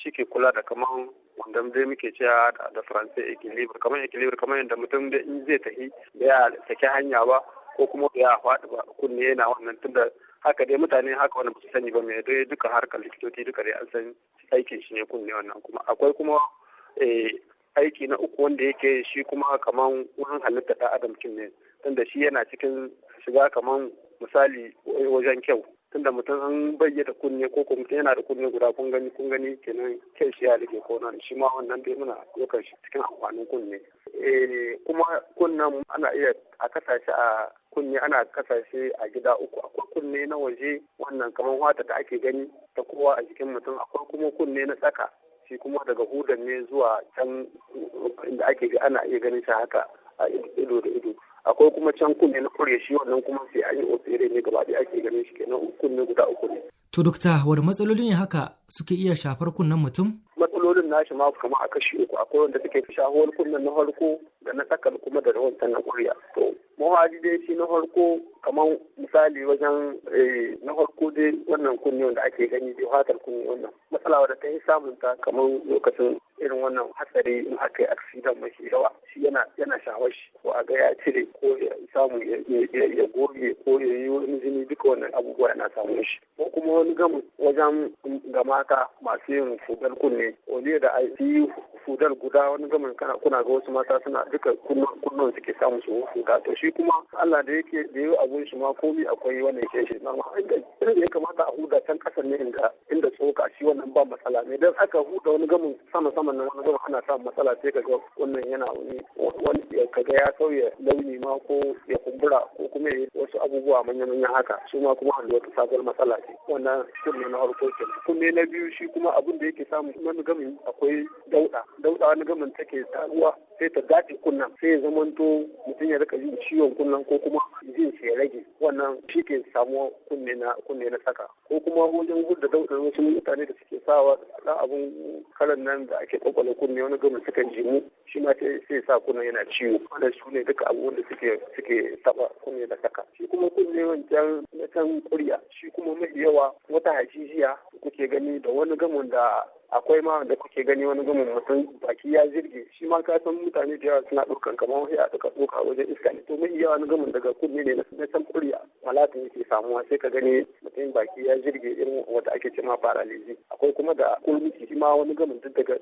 shi ke kula da kaman wanda dai muke cewa da faransa equilibre kaman equilibre kaman yadda mutum da in zai tafi da ya saki hanya ba ko kuma ya faɗi ba kunne yana wannan tunda haka dai mutane haka wani su sani ba mai dai duka harkar likitoci duka dai an san aikin shi ne kunne wannan kuma akwai kuma eh, aiki na uku wanda yake shi kuma kaman wani halitta da adam kin ne tunda shi yana cikin shiga kaman misali wajen kyau tunda mutum an bayyana kunne ko kuma mutum yana da kunne guda kun gani kun gani kenan kai shi ya rike ko nan shi ma wannan dai muna shi cikin amfanin kunne eh kuma kunnan ana iya a kasashe a kunne ana kasashe a gida uku akwai kunne na waje wannan kamar wata da ake gani ta kowa a jikin mutum akwai kuma kunne na tsaka shi kuma daga hudan ne zuwa can inda ake ana iya ganin shi haka a ido da ido akwai kuma can kunne na kure shi wannan kuma sai an yi osere ne gaba da ake ganin shi kenan kunne guda uku ne. To dokta wani matsaloli ne haka suke iya shafar kunnen mutum? Matsalolin nashi ma kama a kashi uku akwai wanda suke shahuwar kunnen na farko da na tsakar kuma da rawantar na kuriya. To mawari dai shi na farko kamar misali wajen eh, na farko dai wannan kunne da ake gani da fatar kunne wannan matsala wadda ta yi samun ta kamar lokacin irin wannan hatsari in aka yi aksidan mafi yawa shi yana yana shawar shi ko a ga ya cire ko ya samu ya goge ko ya yi wani jini duka wannan abubuwa yana samun shi ko kuma wani gamu wajen gamaka masu yin fudar kunne wani da a yi fudar guda wani gamin kana kuna ga wasu mata suna duka kunnon suke samu su fuda to shi kuma Allah da yake da yi abun shi ma komi akwai wani yake shi normal inda ya kamata a huda can kasan ne inda inda tsoka shi wannan ba matsala ne don aka huda wani gamin sama sama naman nan zama ana samun matsala sai ga wannan yana wani kaga ya sauya launi ma ko ya kumbura ko kuma ya yi wasu abubuwa manya-manya haka su ma kuma hannu wata sabuwar matsala ce wannan kunne na harko ke kunne na biyu shi kuma abun da yake samu wani gamin akwai dauɗa dauɗa wani gamin take taruwa sai ta dace kunnan sai ya zamanto mutum ya rika yin ciwon kunnan ko kuma jin sai ya rage wannan shi ke samu kunne na kunne na saka ko kuma wajen gudda daudar wasu mutane da suke sawa da abun kalan nan da ake kwakwale kunne wani gama suka jimu shi ma sai sa kunnan yana ciwo wannan su ne duka abubuwan da suke suke saba kunne da saka shi kuma kunne wancan na can ƙuriya shi kuma mafi yawa wata hajijiya kuke gani da wani gamon da akwai ma da kuke gani wani gumin mutum baki ya zirge shi ma ka san mutane da yawa suna ɗaukan kamar wani a ɗauka ɗauka wajen iska ne to mai yawa wani gumin daga kunne ne na san kuriya malatin yake samuwa sai ka gani mutum baki ya zirge irin wata ake ce ma paralizi akwai kuma da kulmiki shi ma wani gumin duk daga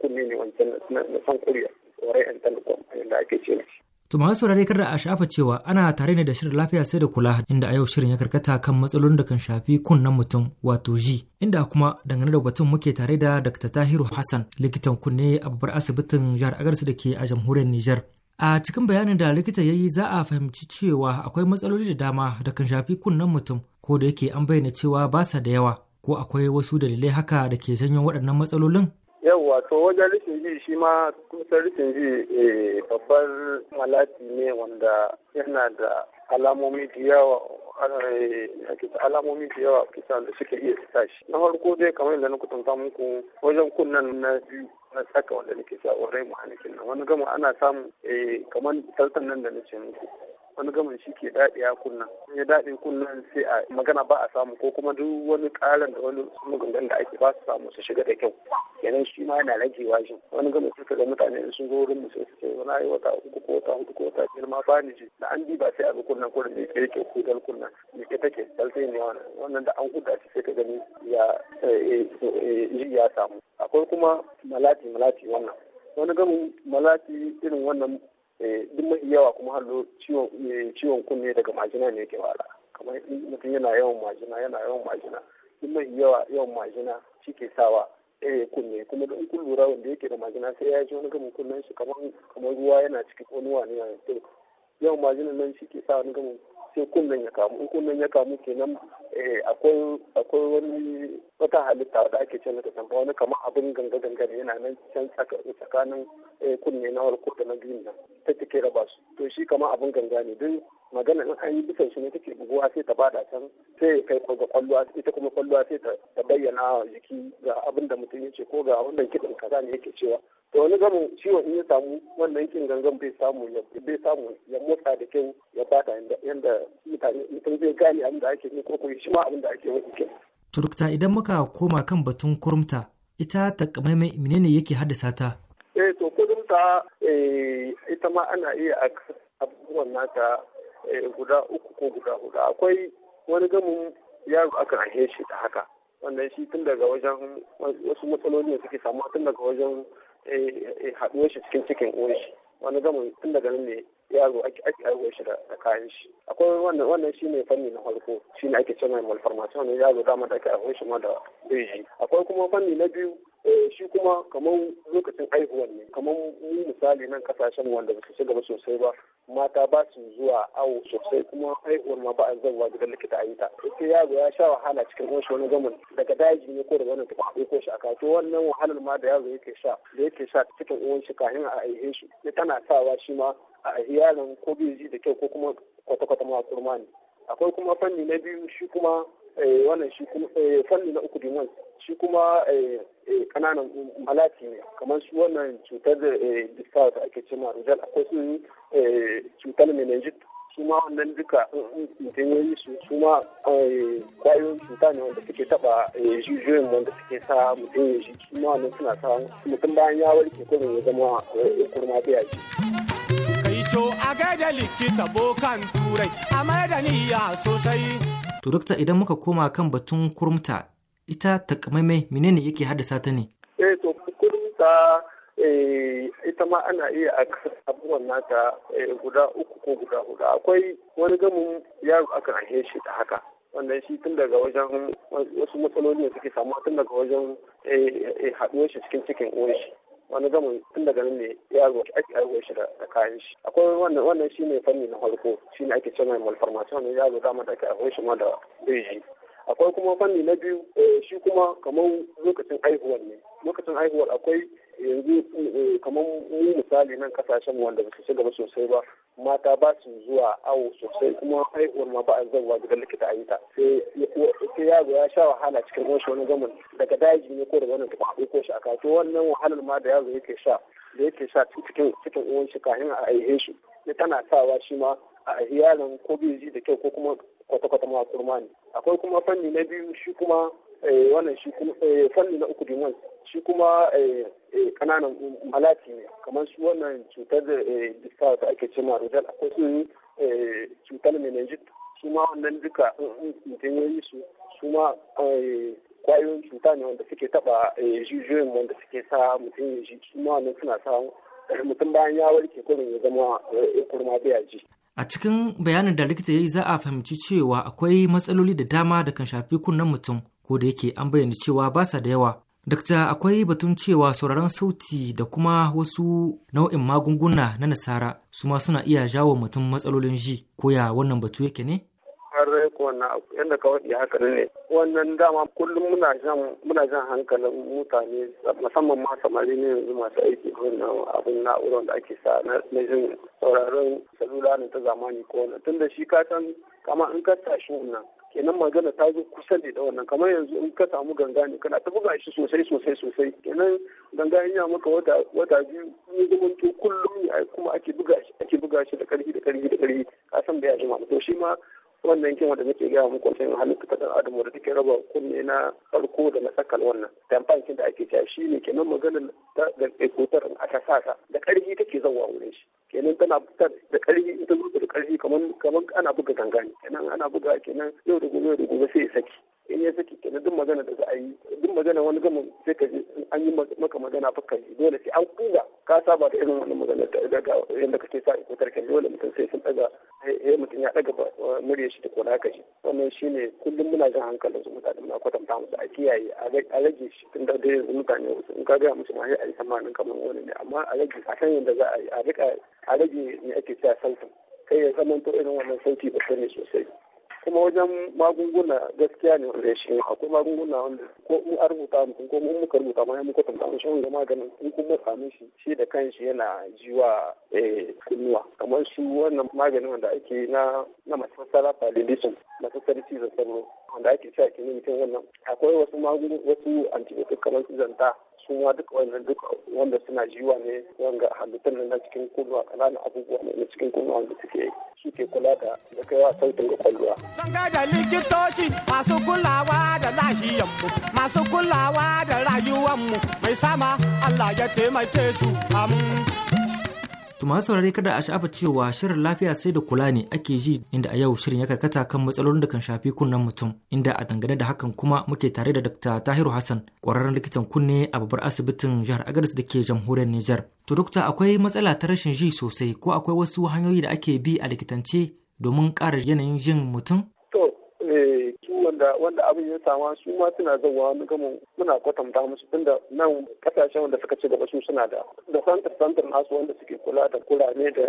kunne ne wancan na san kuriya tsoron yan telecom yadda ake ce shi. To masu saurare kar da a shafa cewa ana tare ne da shirin lafiya sai da kula inda a yau shirin ya karkata kan matsalolin da kan shafi kunnen mutum wato ji inda kuma dangane da batun muke tare da Dr. Tahiru Hassan likitan kunne a babbar asibitin jihar Agarsu da ke a jamhuriyar Nijar. A cikin bayanin da likita ya yi za a fahimci cewa akwai matsaloli da dama da kan shafi kunnen mutum ko da yake an bayyana cewa ba sa da yawa ko akwai wasu dalilai haka da ke janyo waɗannan matsalolin yau to wajen rikin ji shi ma kusan rikin ji eh, babbar malati ne wanda yana da alamomi da yawa eh, alamomi da yawa da suke iya sa shi na farko dai kamar yadda na kutunta muku wajen kunnan na biyu na saka wanda nake sa warai muhannikin nan wani gama ana samun eh, kamar saltan nan da nace muku wani gama shi ke daɗe a kunna in ya daɗe kunnan sai a magana ba a samu ko kuma duk wani ƙarin da wani magangan da ake ba su samu su shiga da kyau kenan shi ma yana rage shi wani shi ka ga mutane in sun zo wurin mu sai su ce wani ayi wata uku ko wata hudu ko wata biyar ma ba ni ji da an ba sai a ga kunnan kurin ne ke yake kudar kunnan me ke take sai ne wannan wannan da an huda shi sai ka gani ya eh, eh, ya samu akwai kuma malati malati wannan wani gamin malati irin wannan Eh, duk mai yawa kuma hallo eh, ciwon kunne daga majina ne yake wala kamar mutum yana yawan majina yana yawan majina duk mai yawa yawan majina shi ke sawa eh kunne kuma da kun lura wanda yake da majina sai ya ji wani gamin kunnen shi kamar ruwa yana cikin wani wani yawan majina nan shi ke sa wani gamin sai kunnen ya kamu in kunnen ya kamu kenan eh, akwai wani wata halitta da ake cewa mata tamba wani kamar abin ganga ganga ne yana nan can tsakanin eh, kunne na farko da na biyun nan ta take raba su to shi kamar abin ganga ne duk magana in an yi bisan shi ne take buguwa sai ta bada can sai kai ga ita kuma kwallo sai ta bayyana jiki ga abin da mutum ya ce ko ga wannan kiɗin kaza ne yake cewa to wani gamin ciwon in ya samu wannan kin gangan bai samu ya bai samu ya motsa da kyau ya bata yanda mutane mutum zai gane abin da ake yi ko kuma shi ma abin da ake yi turkta idan muka koma kan batun kurumta ita takamaimai menene yake haddasa ta eh to kurumta eh, ita ma ana iya abubuwan nata eh, guda uku ko guda huda akwai wani gamin yaro akan ahe shi da haka wannan shi tun daga wajen wasu matsaloli da suke samu tun daga wajen Eh, eh, haɗuwar shi cikin cikin uwar shi wani gamin tun daga nan ne yaro ake ake aiwo shi da kayan shi akwai wannan wannan shine fanni na farko shine ake cewa malformation ne yaro da da ake aiwo shi ma da bai akwai kuma fanni na biyu eh, shi kuma kamar lokacin aihuwar ne kamar mu misali nan kasashen wanda ba su ci gaba sosai ba mata ba su zuwa awo sosai kuma aihuwar ma ba a zawa gidan likita a yi ta ita yaro ya sha wahala cikin wasu wani zaman daga daji ne ko da wani tafi a ko shi a kato wannan wahalar ma da yaro yake sha da yake sha cikin uwan shi kafin a aihe shi ne tana sawa shi ma a iyalin ko bai ji da kyau ko kuma kwata-kwata ma kurma ne akwai kuma fanni na biyu shi kuma eh, wannan shi kuma eh, fanni na uku dinan shi kuma kananan eh, malati ne kamar su wannan cutar da disfawa da ake cewa rujal akwai su cutar meningitis su ma wannan duka mutum ya yi su su ma kwayoyin cuta ne wanda suke taba jijiyoyin wanda suke sa mutum ya ji su ma wannan suna sa mutum bayan ya warke kuma ya zama kurma bai ji. To a gaida likita bokan turai a da niyya sosai. Turukta idan muka koma kan batun kurmta ita takamaimai menene yake haddasa ta ne? Eh to kurumta eh, ita ma ana iya a abubuwan nata eh, guda uku ko guda huɗu akwai wani gamin yaro aka ahe shi da haka wannan shi tun daga wajen wasu matsaloli da suke samu tun daga wajen eh, haɗuwar shi cikin cikin uwan shi wani gamin tun daga nan ne aiki ake aiwo shi da kayan shi akwai wannan wannan shine fanni na farko shine ake cewa malformation ne zo dama da ake aiwo shi ma da bai akwai kuma fanni na biyu eh, shi kuma kamar lokacin haihuwar ne lokacin haihuwar akwai yanzu eh, kamar mu misali nan kasashen wanda ba su ci gaba sosai ba mata ba su zuwa awo sosai kuma haihuwar ma ba a zauwa gidan likita a yi ta sai yaro ya sha wahala cikin wanshi wani zaman daga daji ne ko da wani ta ko shi a kato wannan wahalar ma da yaro yake sha da yake sha cikin cikin uwan a aihe shi tana sawa shi ma a yaron ko bai ji da kyau ko kuma kwata-kwata ma kurma ne akwai kuma fanni na biyu shi kuma eh, wannan shi kuma eh, fanni na uku dimuwan shi kuma kananan eh, malati ne kamar su wannan cutar da dista da ake ce ma rojal akwai su cutar meningit su ma wannan duka mutum ya yi su su ma kwayoyin cuta ne wanda suke taba jijiyoyin wanda suke sa mutum ya ji su ma wannan suna sa mutum bayan ya warke kurin ya zama kurma bai ji. A cikin bayanin da likita ya yi za a fahimci cewa akwai matsaloli da dama da kan shafi kunnen mutum ko da yake an bayyana cewa ba sa da yawa. Dakta akwai batun cewa sauraron sauti da kuma wasu nau'in magunguna na nasara su ma suna iya jawo mutum matsalolin ji ko ya wannan batu yake ne? wannan yadda ka waɗi haka ne wannan dama kullum muna jan muna jan hankalin mutane musamman ma samari ne yanzu masu aiki wannan abin na'urar da ake sa na jin sauraron salula ne ta zamani ko wannan tunda shi ka san kama in ka tashi wannan kenan magana ta zo kusa ne da wannan kamar yanzu in ka samu ganga ne kana ta buga shi sosai sosai sosai kenan ganga in ya maka wata wata biyu ne zaman to kullum kuma ake buga shi ake buga shi da karfi da karfi da karfi ka san bai ajima to shi ma wannan yankin wanda nake gaya muku wannan halittu ta dan adamu da take raba kunne na farko da na sakal wannan tamfan kin da ake cewa shine kenan maganar ta da ekotar a ta sa da karfi take zawa wurin shi kenan tana fitar da karfi ita da karfi kaman kaman ana buga ganga ne kenan ana buga kenan yau da gobe yau da gobe sai ya saki in ya saki kenan duk magana da za a yi duk magana wani gamin sai ka an yi maka magana fa ka dole sai an kuga ka saba da irin wani magana da daga ka kake sa ko tarkan dole mutum sai sun daga sai mutum ya daga murya shi da kona ka ji wannan shine kullum muna jan hankalin su mutane muna kwatanta musu a kiyaye a rage shi tun da dai yanzu mutane wasu in ka ga musu ma sai a yi tsammanin kamar wani ne amma a rage a san yadda za a yi a a rage ne ake cewa sautin kai ya zamanto irin wannan sauti ba ne sosai kuma wajen magunguna gaskiya ne wanda ya shi akwai magunguna wanda ko in an rubuta mu ko in muka rubuta ma ya muka tantance shi wanda maganin in kun same shi shi da kanshi yana jiwa eh, kunnuwa kamar shi wannan maganin wanda ake na na masassara palidism masassar cizon sauro wanda ake cewa ke mutum wannan akwai wasu magunguna wasu antibiotics kamar su zanta su ma duk wani duk wanda suna jiwa ne wanga da na cikin kunnuwa kananan abubuwa ne na cikin kunnuwa wanda suke yi suke kula da da kaiwa sautin ga kwallowa. zanga da likitoci masu kulawa da mu masu kulawa da mu mai sama Allah ya taimake su amma. To masu saurare kada a sha'afa cewa shirin lafiya sai da kula ne ake ji inda a yau shirin ya karkata kan matsalolin da kan shafi kunnen mutum inda a dangane da hakan kuma muke tare da Dr. Tahiru Hassan ƙwararren likitan kunne a babbar asibitin jihar Agadez da ke jamhuriyar Nijar. To dokta akwai matsala ta rashin ji sosai ko akwai wasu hanyoyi da ake bi a likitance domin ƙara yanayin jin mutum? waɗanda wanda abin ya sama su ma suna zauwa wani gama muna kwatanta musu tunda nan kasashen wanda suka ci gaba su suna da da santar santar nasu wanda suke kula da ne da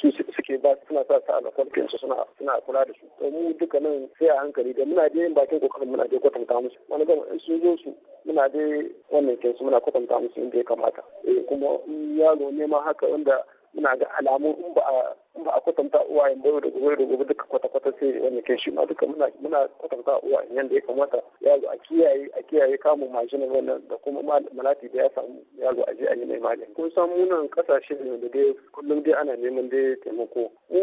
su suke ba suna sa su alakwalkin su suna kula da su to mu duka nan sai a hankali da muna dai bakin kokarin muna dai kwatanta musu wani gama in sun zo su muna dai wannan su muna kwatanta musu inda ya kamata eh, kuma yaro ne ma haka wanda muna ga alamun in ba a kuma a kwatanta uwa yau da gobe da gobe duka kwata-kwata sai wani ke shi ma duka muna muna kwatanta in yadda ya kamata ya zo a kiyaye a kiyaye kamun mashinan wannan da kuma malati da ya samu ya zo a je a yi mai magani kun san munan kasashe ne da dai kullum dai ana neman dai taimako mu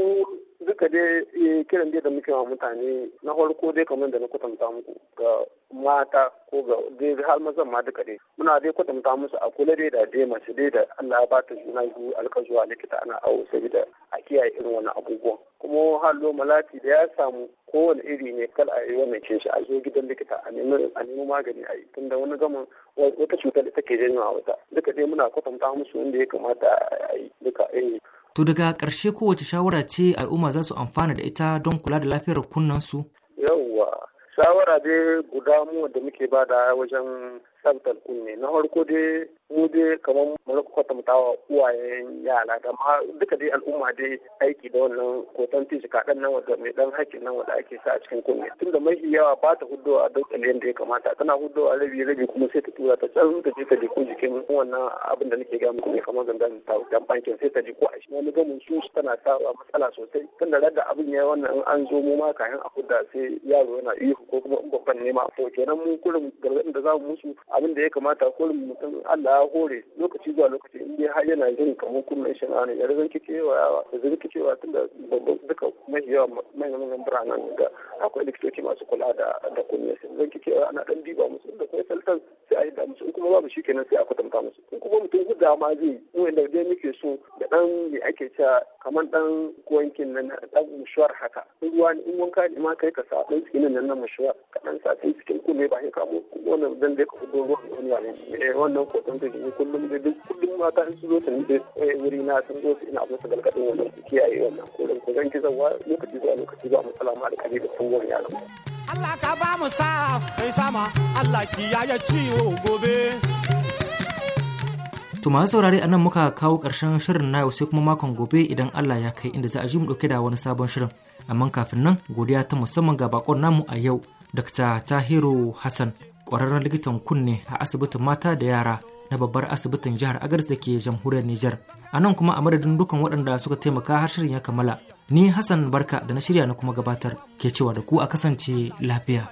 duka dai eh, kiran dai da muke wa mutane na farko dai kamar da na kwatanta muku ga mata ko ga dai har mazan ma duka dai muna dai kwatanta musu a kula dai da dai mace dai da Allah ya ba ta juna biyu alƙazuwa likita ana awo saboda a kiyaye kiyaye irin wani abubuwan kuma hallo malati da ya samu kowane iri ne kal a yi wannan kin shi a zo gidan likita a nemi magani a yi tunda wani gama wata cutar da take janyowa wata duka dai muna kwatanta musu inda ya kamata a yi duka irin eh. To daga ƙarshe kowace shawara ce al'umma za su amfana da ita don kula da lafiyar kunnansu? Yawwa, shawara dai guda mu da muke bada wajen tsabtar kunne na harko dai mu dai kamar mu kwatantawa uwayen yara da ma duka dai al'umma dai aiki da wannan kotan tishi kaɗan nan wanda mai ɗan hakkin nan wanda ake sa a cikin kunne tunda mai yawa ba ta huddowa a tsaliyan da ya kamata tana huddowa rabi rabi kuma sai ta tura ta can ta je ta je ko jikin wannan abin da nake gani ne kamar zangan ta dan bankin sai ta je ko a shi wani gamin su tana sawa matsala sosai tunda da abin ya wannan an zo mu ma kayan a hudda sai yaro yana ihu ko kuma in babban nema to kenan mu kurin gargaɗin da za mu musu abin da ya kamata ko mutum Allah ya hore lokaci zuwa lokaci in dai har yana jin kamar kuma shi na ya rizanki cewa yawa zuri kike cewa tunda babban duka mafi yawa mai nan manyan biranen ga akwai likitoci masu kula da da kunya sai kike cewa ana dan diba musu da kai saltan sai a yi da musu in kuma babu shikenan sai a kwatanta musu in kuma mutum guda ma zai wanda dai muke so da dan me ake cewa kamar dan wankin nan dan mushwar haka ruwa ne in wanka ne ma kai ka sa dan tsinin nan nan mushwar ka dan sa sai cikin kunne ba sai ka mu wannan dan dai ka abubuwan duniya ne wannan kotan da shi kullum da duk kullum mata in su zo su nufi wuri na sun zo su ina musu gargaɗin wannan su kiyaye wannan kullum ko zan kisa wa lokaci zuwa lokaci zuwa matsala ma da kare da kowane yaro. Allah ka ba mu sa mai sama Allah kiyaye ciwo gobe. To masu saurare nan muka kawo ƙarshen shirin na yau sai kuma makon gobe idan Allah ya kai inda za a ji mu ɗauke da wani sabon shirin. Amma kafin nan godiya ta musamman ga bakon namu a yau Dr. Tahiru Hassan ƙwararren likitan kunne a asibitin mata da yara na babbar asibitin jihar agadez da ke jamhuriyar Nijar, a nan kuma a madadin dukkan waɗanda suka taimaka har shirin ya kammala ni hassan barka da na shirya na kuma gabatar ke cewa da ku a kasance lafiya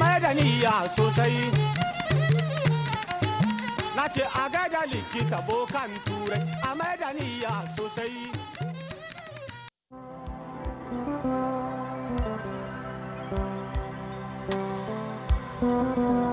a da niyya sosai Thank you.